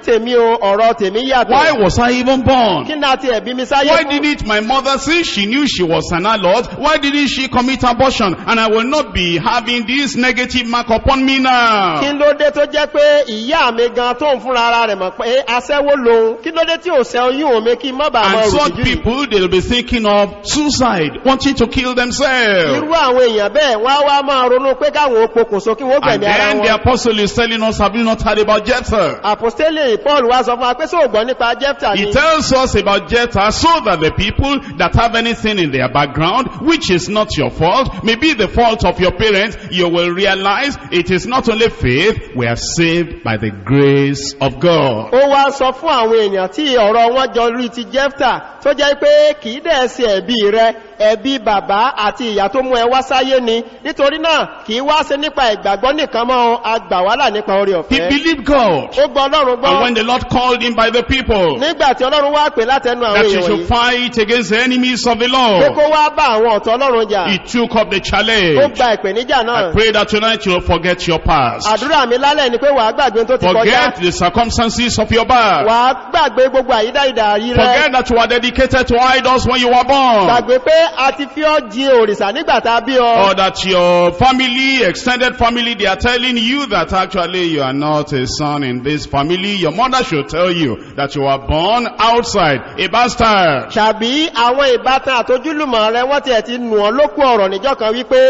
was I even born?
Why
didn't my mother since she knew she was an adult, why didn't she commit abortion and I will not be having this next negative mark upon me now. kí
ló dé tó jẹ́ pé ìyá mi gan tó ń fúnra ara rẹ̀ mọ̀ pé aṣẹ́wó lòun kí ló dé tí ò ṣe oyún òun kí má bàa mọ òrùjú and such
people they will be thinking of suicide wanting to kill themselves. irú
àwọn èèyàn bẹ́ẹ̀ wọ́n wá máa ronú pé káwọn okòkòso kí wọ́n gbẹ̀mí ara wọn. and then the
apostle is telling us have you not heard about Jephthah. apostole paul wá sọ fún wa pé sóògbọ́n nípa Jephthah ni. he tells us about Jephthah so that the people that have anything in their background which is not your fault may be the fault of your parents you will realize it is not only faith, we are saved by the grace of God.
Ó wá sọ fún àwọn èèyàn tí ọ̀rọ̀ wọn jọ rí ti Jẹ́fta tó jẹ́ pé kì í dẹ̀ ṣe ẹ̀bi rẹ̀ ẹbí bàbá àti ìyá tó mú ẹ wá sáyé ni nítorí náà kì í wá ṣe nípa ìgbàgbọ́ nìkan mọ́ àgbà wàhálà nípa orí ọ̀fẹ́. he believed God. ó gbọ́ ọlọ́run gbọ́. and when the
Lord called him by the people.
nígbà tí ọlọ́run wá pè láti àwọn èèyàn yìí. that he should
fight against the enemies of the Lord.
pé wá bá àwọn ọ̀tọ̀ ọlọ́run jà. he
took up the challenge. ó
gba ìpèníjà náà. I
pray that tonight you will forget your past.
àdúrà mi lálẹ́ ni pé wàá gbàgbé tó ti kọjá. forget
the circumstances of your birth. wàá gbàgbé gbogbo àyídáyidà yìí rẹ. forget that you were dedicated to idols when you were born. gbàgbé
pé a fi ọ́ jí òrìṣà nígbà tá a bí ọ. or
that your family extended family they are telling you that actually you are not a son in this family your mother should tell you that you were born outside a bastard. tàbí àwọn ìbátan àtojúlùmọ̀ rẹ wọ́n tiẹ̀ ti
nù ọ́ lókun ọ̀rọ̀ níjọ́ kan wípé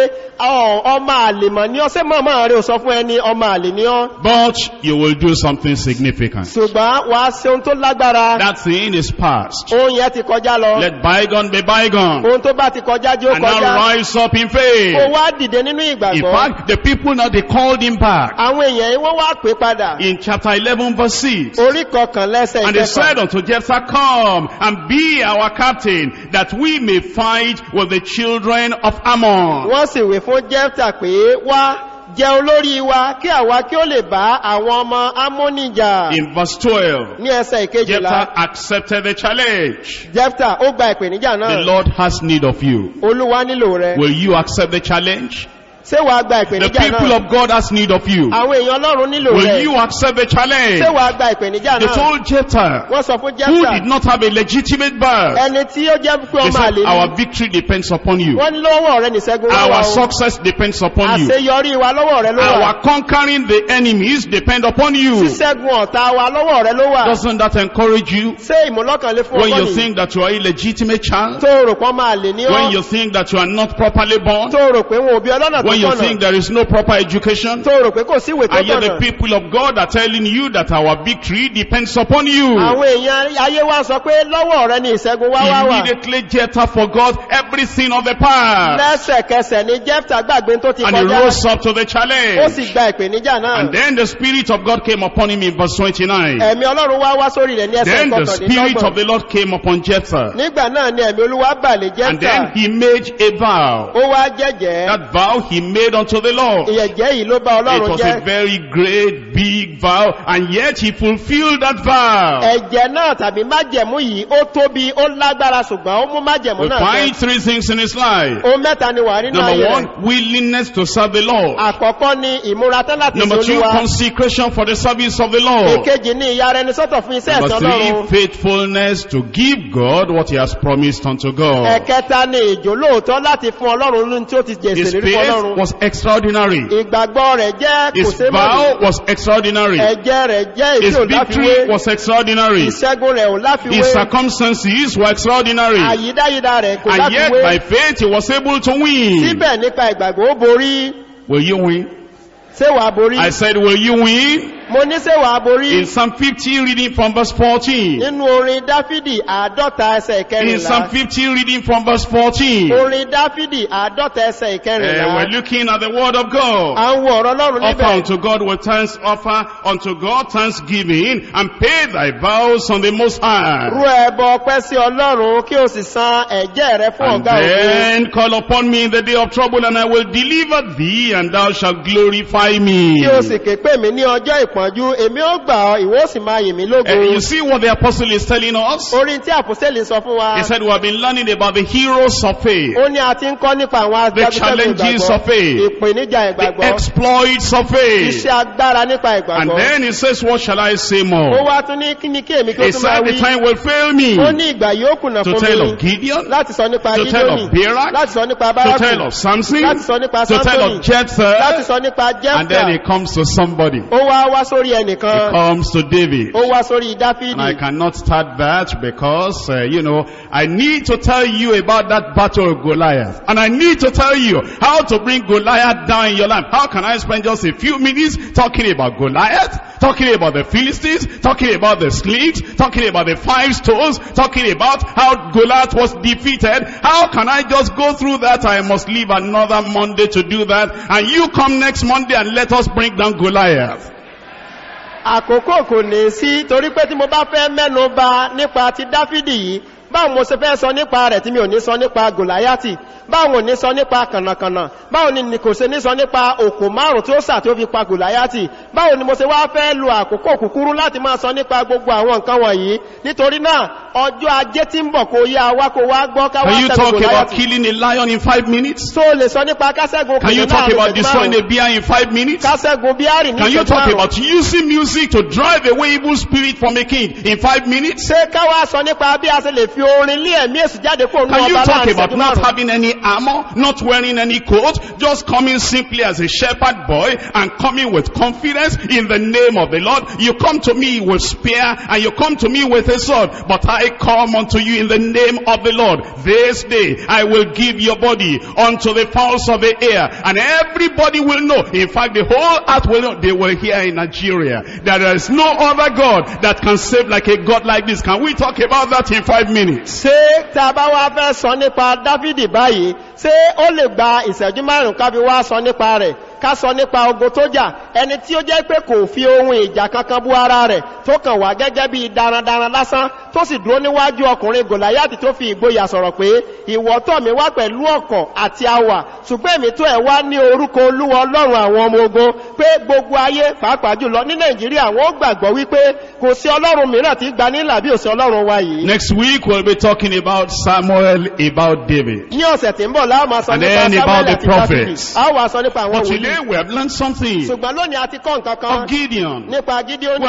ọmọ àlè mọ̀ ní ọ́sẹ́ mọ̀ọ́mọ́ rẹ ò sọ fún ẹni ọmọ
àlè ní ọ́. but you will do something significant. ṣùgbọ́n wàá ṣe ohun tó lágbára. that thing is past.
ohun yẹn ti kọjá lọ. let bygone be bygone.
ohun tó tó bá ti kọjá jẹ́ kọjá. and now rise up in faith. kó
wá dìde nínú ìgbàgbọ́. in fact
the people now they called him back.
àwọn èèyàn yìí wọ́n wá pè padà. in chapter eleven verse six. orí kọkàn lẹ́sẹ̀ ìjẹ́kọ̀. and they said unto
Jephthah come and be our captain that we may fight with the children of Ammon. wọ́n sì wí fún Jephthah pé wá jẹ́ olórí wa kí
àwa kí ó lè bá àwọn ọmọ amóníjà.
in verse twelve. ní ẹsẹ̀ ìkejìlá. Jephthah accepted the challenge. Jephthah ó gba ìpèníjà náà. the Lord has need of you. Olúwa nílò rẹ. will you accept the challenge? Ṣé wàá gba ìpèníjà náà? The people of God has need of you. Àwọn
èèyàn Ọlọ́run nílò rẹ̀. Will you
accept the challenge? Ṣé wàá
gba ìpèníjà náà? They told Jephthah. Wọ́n sọ fún Jephthah. Who did
not have a legitimate birth? Ẹni tí ó jẹ́ pé ọmọ àlè ni. They said our victory depends upon you.
Wọ́n ní lọ́wọ́ rẹ ní ṣẹ́gun lọ́wọ́. Our
success depends upon you. Àṣeyọrí
wa lọ́wọ́ rẹ ló wà. Our
conquering the enemies depend upon you.
Ṣíṣẹ́gun ọ̀tá wa lọ́wọ́ rẹ ló wà.
Doesn't that encourage you? Ṣé ìmúlọ́kànlé fún ọgbọ́n When you think that you are illegitimate child. Tó rò pé ọmọ àlè ni ọ́. When you think that you are not properly born. Tó rò pé wọn ò bí ọlọ́nà tó you think there is no proper education. tó rò and yet the people of God are telling you that our victory depends upon you. immediately Jephthah forgot everything of the
past. and he rose
up to the challenge.
and
then the spirit of God came upon him in verse 29. then
the spirit of the
Lord came upon Jephthah.
and then he made
a vow. that vow he he made unto the Lord. It was a very great big vow and yet he fulfilled that vow. We find three things in his life.
Number one,
willingness to serve the Lord. Number two, consecration for the service of the Lord.
Number three,
faithfulness to give God what he has promised unto God.
Ẹ̀kẹta ni
was extraordinary.
His vow
was extraordinary. His victory was extraordinary. His
circumstances
were extraordinary. And
yet by
faith he was able to win. Will you win? I said will you win? mo ní ṣe wà borí. in psalm fifty reading from verse fourteen. nínú
orin dáfídì àádọ́ta ẹsẹ̀ ìkẹrìnlá. in psalm
fifty reading from verse fourteen. orin
dáfídì àádọ́ta ẹsẹ̀ ìkẹrìnlá. Uh, we're
looking at the word of God. à ń wo ọ̀rọ̀ lọ́rùn níbẹ̀. offer unto God with thanks offer unto God thanksgiving and pay thy vows on the most high. ru
ẹ̀bọ ọpẹ́ sí ọlọ́run kí o sì san ẹ̀jẹ́ rẹ fún ọ̀gá òkú. and then
call upon me in the day of trouble and I will deliver thee and thou shalt glorify me. kí o sì
ké pè mí ní ọjọ́ ìpọ́n. ìpọ́njú èmi ó gbà ọ ìwọ sì máa yìn lógo. and you see what the apostle is telling us. orin tí àpòsẹ́lì sọ fún wa. he said
we have been learning about the heroes of faith.
ó ní a ti ń kọ́ nípa àwọn agbábísẹ́ ìgbàgbọ́. the challenges of faith. ìpèníjà ìgbàgbọ́. the exploits
of faith. iṣẹ́
agbára nípa ìgbàgbọ́. and then
he says what shall I say more. ó
wá tún ní kí ni kí èmi kí ó tún máa wí. he said the time will fail me. ó ní ìgbà yóò kùnà fún mi. to tell of Gideon.
láti sọ nípa Gideon. to tell of
Barak. Barak. to tell of Samson. láti sọ nípa Samson. to tell of Jephthah. láti sọ nípa Jephthah. and then he
comes to somebody. ó wá wá sórí ẹnìkan. He comes to David. Ó wá sórí Dáfídì. And I cannot start that because uh, you know I need to tell you about that battle of Goliath and I need to tell you how to bring Goliath down in your life. How can I spend just a few minutes talking about Goliath, talking about the Philistines, talking about the slings, talking about the five stones, talking about how Goliath was defeated? How can I just go through that? I must leave another Monday to do that. And you come next Monday and let us bring down Goliath.
àkókò kò ní sí torí pé tí mo bá fẹ́ mẹ́nu bà nípa ti dáfídì yìí báwọn mo ṣe fẹ́ sọ nípa rẹ̀ tí mi ò ní sọ nípa gòláyátì báwọn ò ní sọ nípa kànàkànà báwọn ni kò ṣe ní sọ nípa òkò márùn tí ó sà tí ó fi pa gòláyátì báwọn ni mo ṣe wá fẹ́ lo àkókò kúkúrú láti máa sọ nípa gbogbo àwọn nǹkan wọ̀nyí nítorí náà ọjọ́ ajé tí ń bọ̀ kó yá wa kó wá gbọ́ ká wá ṣẹ́gun gòláyátì. Can you talk about killing
a lion in five
minutes? sọ nípa Can you talk about destroying a
bear in five minutes? Can you talk about using music to drive away evil spirit from a king in five minutes? sọ nípa bí Can you talk about not having any armour, not wearing any coat, just coming simply as a shepherd boy and coming with confidence in the name of the Lord? You come to me with spear and you come to me with a sword, but I come unto you in the name of the Lord. This day I will give your body unto the fowls of the air and everybody will know. In fact, the whole earth will know. They will hear in Nigeria that there is no other God that can save like a God like this. Can we talk about that in five minutes? ni. ṣé tá a bá wá fẹ́ sọ nípa dávidi báyìí ṣé
ó lè gba ìṣẹ́jú márùn-ún kábí wá sọ nípa rẹ̀ ká sọ nípa ogun tó jà ẹni tí ó jẹ́ pé kò fi ohun ìjà kankan bú ara rẹ̀ tó kàn wá gẹ́gẹ́ bí darandaran lásán tó sì dúró níwájú ọkùnrin gòláyàtì tó fi ìgboyà sọ̀rọ̀ pé ìwọ tọ̀ mí wá pẹ̀lú ọ̀kọ̀ àti awà ṣùgbọ́n èmi tó ẹ̀ wá ní orúkọ olúwa ọlọ́run àwọn ọmọ ogun pé gbogbo ayé pàápàá jùlọ ní nàìjíríà wọn gbàgbọ́ wípé kò sí ọlọ́run mìíràn tí gbani làbí òsì
next week will be talking about Samuel, about David.
and then about ń bọ̀
Samuel àti David. But today we have learned something. Of Gideon. We have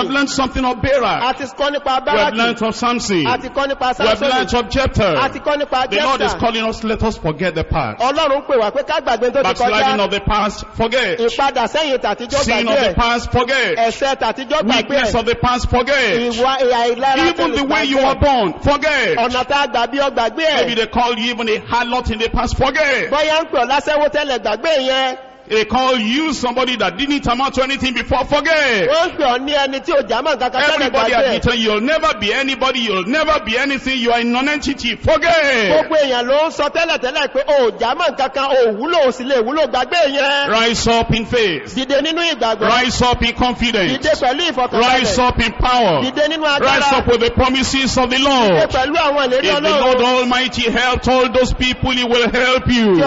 learned something of Barak. We have learned of Samson. We have learned of Jephthah. The Lord is calling us let us forget the past.
Backsliding of the past forget. Sin of the past forget.
Weakness of the past forget. Even the way you were born forget. ọ̀nà tá a gbà bí ọgbàgbé ẹ̀. maybe they call you even a harlot in the past forget. bóyá ń pè ọ́ lásẹ̀wó tẹ́lẹ̀ gbàgbé yẹn. They call you somebody that didn't amount to anything before. Forget. Everybody has written you'll never be anybody, you'll never be anything, you are a non-entity. Forget. Rise up in faith. Rise up in confidence. Rise up in power. Rise up with the promises of the Lord. If the Lord Almighty helped all those people, he will help you.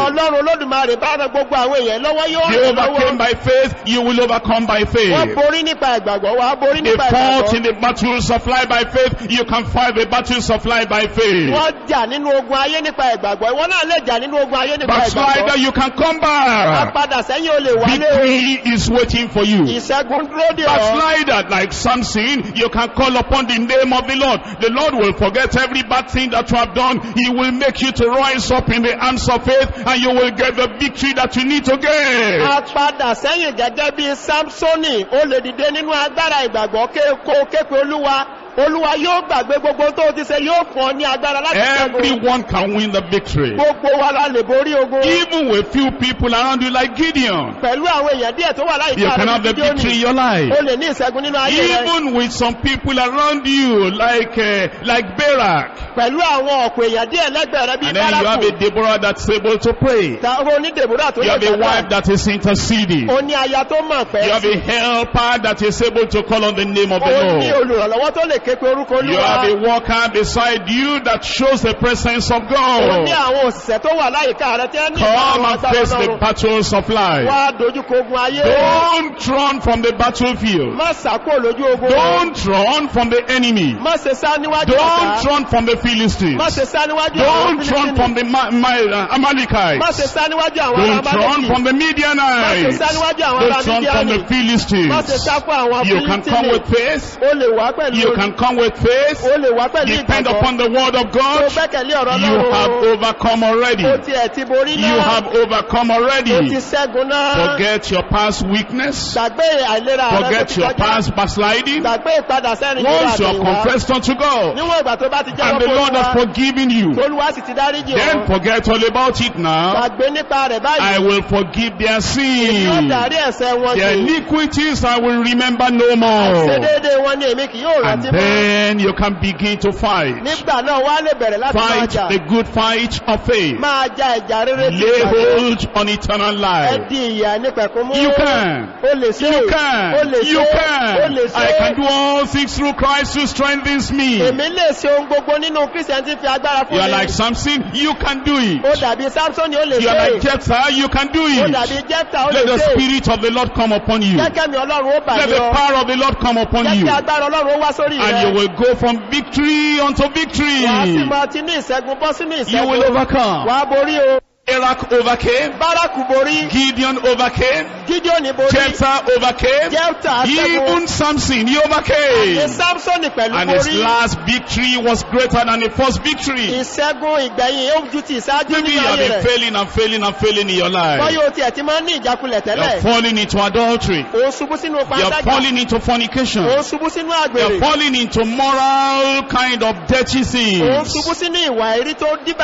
You overcame
by faith, you will overcome by faith. Wọ́n borí
nípa ìgbàgbọ́, wà á borí nípa ìgbàgbọ́. They fought in
the battles of life by faith, you can fight the battles of life by faith. Wọ́n
jà nínú ogun ayé nípa ìgbàgbọ́, ìwọ náà lè jà nínú ogun ayé nípa ìgbàgbọ́. Backslider, you can
come back. Apadà sẹ́yìn o lè wálé o. Victory is waiting for you. Ìṣẹ́gun dúró dé ọ. Backslider like Samson, you can call upon the name of the Lord. The Lord will forget every bad thing that you have done. He will make you to rise up in the arms of faith and you will get the victory that you need to gain. a padà sẹ́yìn gẹ́gẹ́ bí Samsoni
ó lè dìde nínú agbára ìgbàgbọ́ kéko képe Olúwa Olúwa yóò gbàgbé gbogbo tó ti ṣe yóò fún ọ ní agbára
láti ṣẹ́gun. Everyone can win the victory. Gbogbo wa la lè borí ogun. Even with few people around you like Gideon. Pẹ̀lú àwọn
èèyàn díẹ̀ tó wà láyé ká Gideon. You can have the victory in your life. O lè ní ìṣẹ́gun nínú ayé rẹ.
Even with some people around you like uh, like Barak. Pẹ̀lú àwọn ọ̀pọ̀ èèyàn díẹ̀ lẹ́gbẹ̀ẹ́ rẹ bíi Bárakù. And then you have a Deborah that's able to pray.
Tàwọn oní Deborah tó yẹ kẹ́kẹ́. You have a wife
that is interceding. O
ní aya tó mọ̀ pẹ́. You have a
helper that is able to call on the name of the
Lord ké pé orúkọ olúwa. you are the
worker beside you that shows the presence of God. ó ní
àwọn òṣìṣẹ́ tó wà láyìíká rẹ tí ẹ ní ìgbà wọn come and face the battles
of life. wá
dojúkọ ogun ayé. don't
run from the battlefield. má sàkó lójú ogun. don't run from the enemy. má ṣe sá níwájú ọ̀tá. don't run from the Philistines. má ṣe
sá níwájú àwọn Philistines. don't run from
the uh, Amalekites. má ṣe
sá níwájú àwọn Amalekites. don't run from the Midianites. má ṣe sá níwájú àwọn Midianites. don't run from the Philistines. má ṣe sá fún àwọn Philistines. you can come with faith.
o lè wá pẹ̀lú orí. you can come with faith. Depend upon the word of God. You have overcome already. You have overcome already. Forget your past weakness. Forget your past backsliding. Once you are confessed unto God.
And the Lord has forgiven you. Then
forget all about it now. I will forgive their sins. Their iniquities I will remember no more. Àṣedéédéé
wọn Then
you can begin to fight.
Nígbà náà wá lè bẹ̀rẹ̀ láti máa jà. Fight the
good fight of faith.
Máa jà ìjà rere tí ìgbà. Lay hold
on eternal life. Ẹ di ìyà nípẹ̀kún mú. You can. O lè ṣe. You can. O lè ṣe. You can. O lè ṣe. I can do all things through Christ who strengthens me. Èmi lè ṣe ohun gbogbo nínú Christian tí fi agbára fún mi. You are like Samson, you can do it. O dàbí Samson ni o lè ṣe. You are like Jephthah, you can do it. O dàbí Jephthah, o lè ṣe. Let the spirit of the Lord come upon you. Kẹ́kẹ́ mi Ọlọ́run
ó bà yọ. Let the power of the Lord come upon you. Kẹ́kẹ́ agbára Ọlọ́run ó wá sórí rẹ. Amen. You will go
from victory unto victory. You will overcome. Iraq overcame. Barak borí. Gideon overcame. Gideon borí. Jephthah overcame. Jephthah Even Samson he overcame. Àti Samson pẹ̀lú And his last victory was greater than the first victory. Maybe you have been failing and failing and failing in your life.
You're falling
into adultery.
You're falling into
fornication. You're falling into moral kind of dirty things.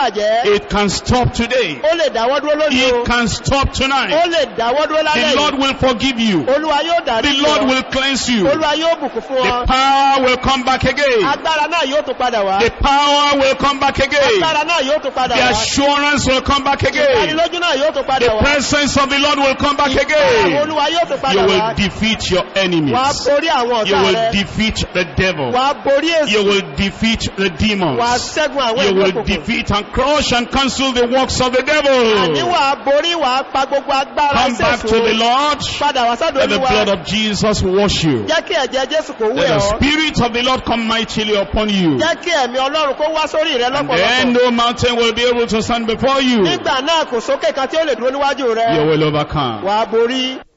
It
can stop today ó lè dáwọ́ dúró lónìí o. he can stop tonight. ó lè dáwọ́ dúró lálẹ́ yìí. the lord will forgive you. olúwa yóò dárí yìí. the lord will cleanse you. olúwa yóò bùkún fún ọ. the power will come back again. agbára náà yóò tún padà wá. the power will come back again. agbára náà yóò tún padà wá. the assurance will come back again. ìdánilójú
náà yóò tún padà wá. the presence
of the lord will come back again. ìpàwọ̀ olúwa yóò tún padà wá. you will defeat your enemies. wàá borí àwọn ọ̀tá rẹ. you will defeat the devil. wàá borí èsì. you will defeat the demons. wàá ṣẹ́gun àwọn ìgbókùnkùn. you will defeat and crush and cancel the works of the devil devil. Àní
borí wàá pa gbogbo agbára ìṣèṣù. Come back to the Lord. Padà wá sọ́dọ̀ Olúwa. Let the blood of
Jesus wash you.
Jẹ́ kí ẹ̀jẹ̀ Jésù kó wẹ̀ ọ́. Let the
spirit of the Lord come mightily upon you. Jẹ́
kí ẹ̀mí Ọlọ́run kó wá sórí rẹ lọ́pọ̀lọpọ̀. Then no
mountain will be able to stand before you. Nígbà
náà kò sókè kan tí ó lè dúró níwájú rẹ. You will overcome. Wàá borí.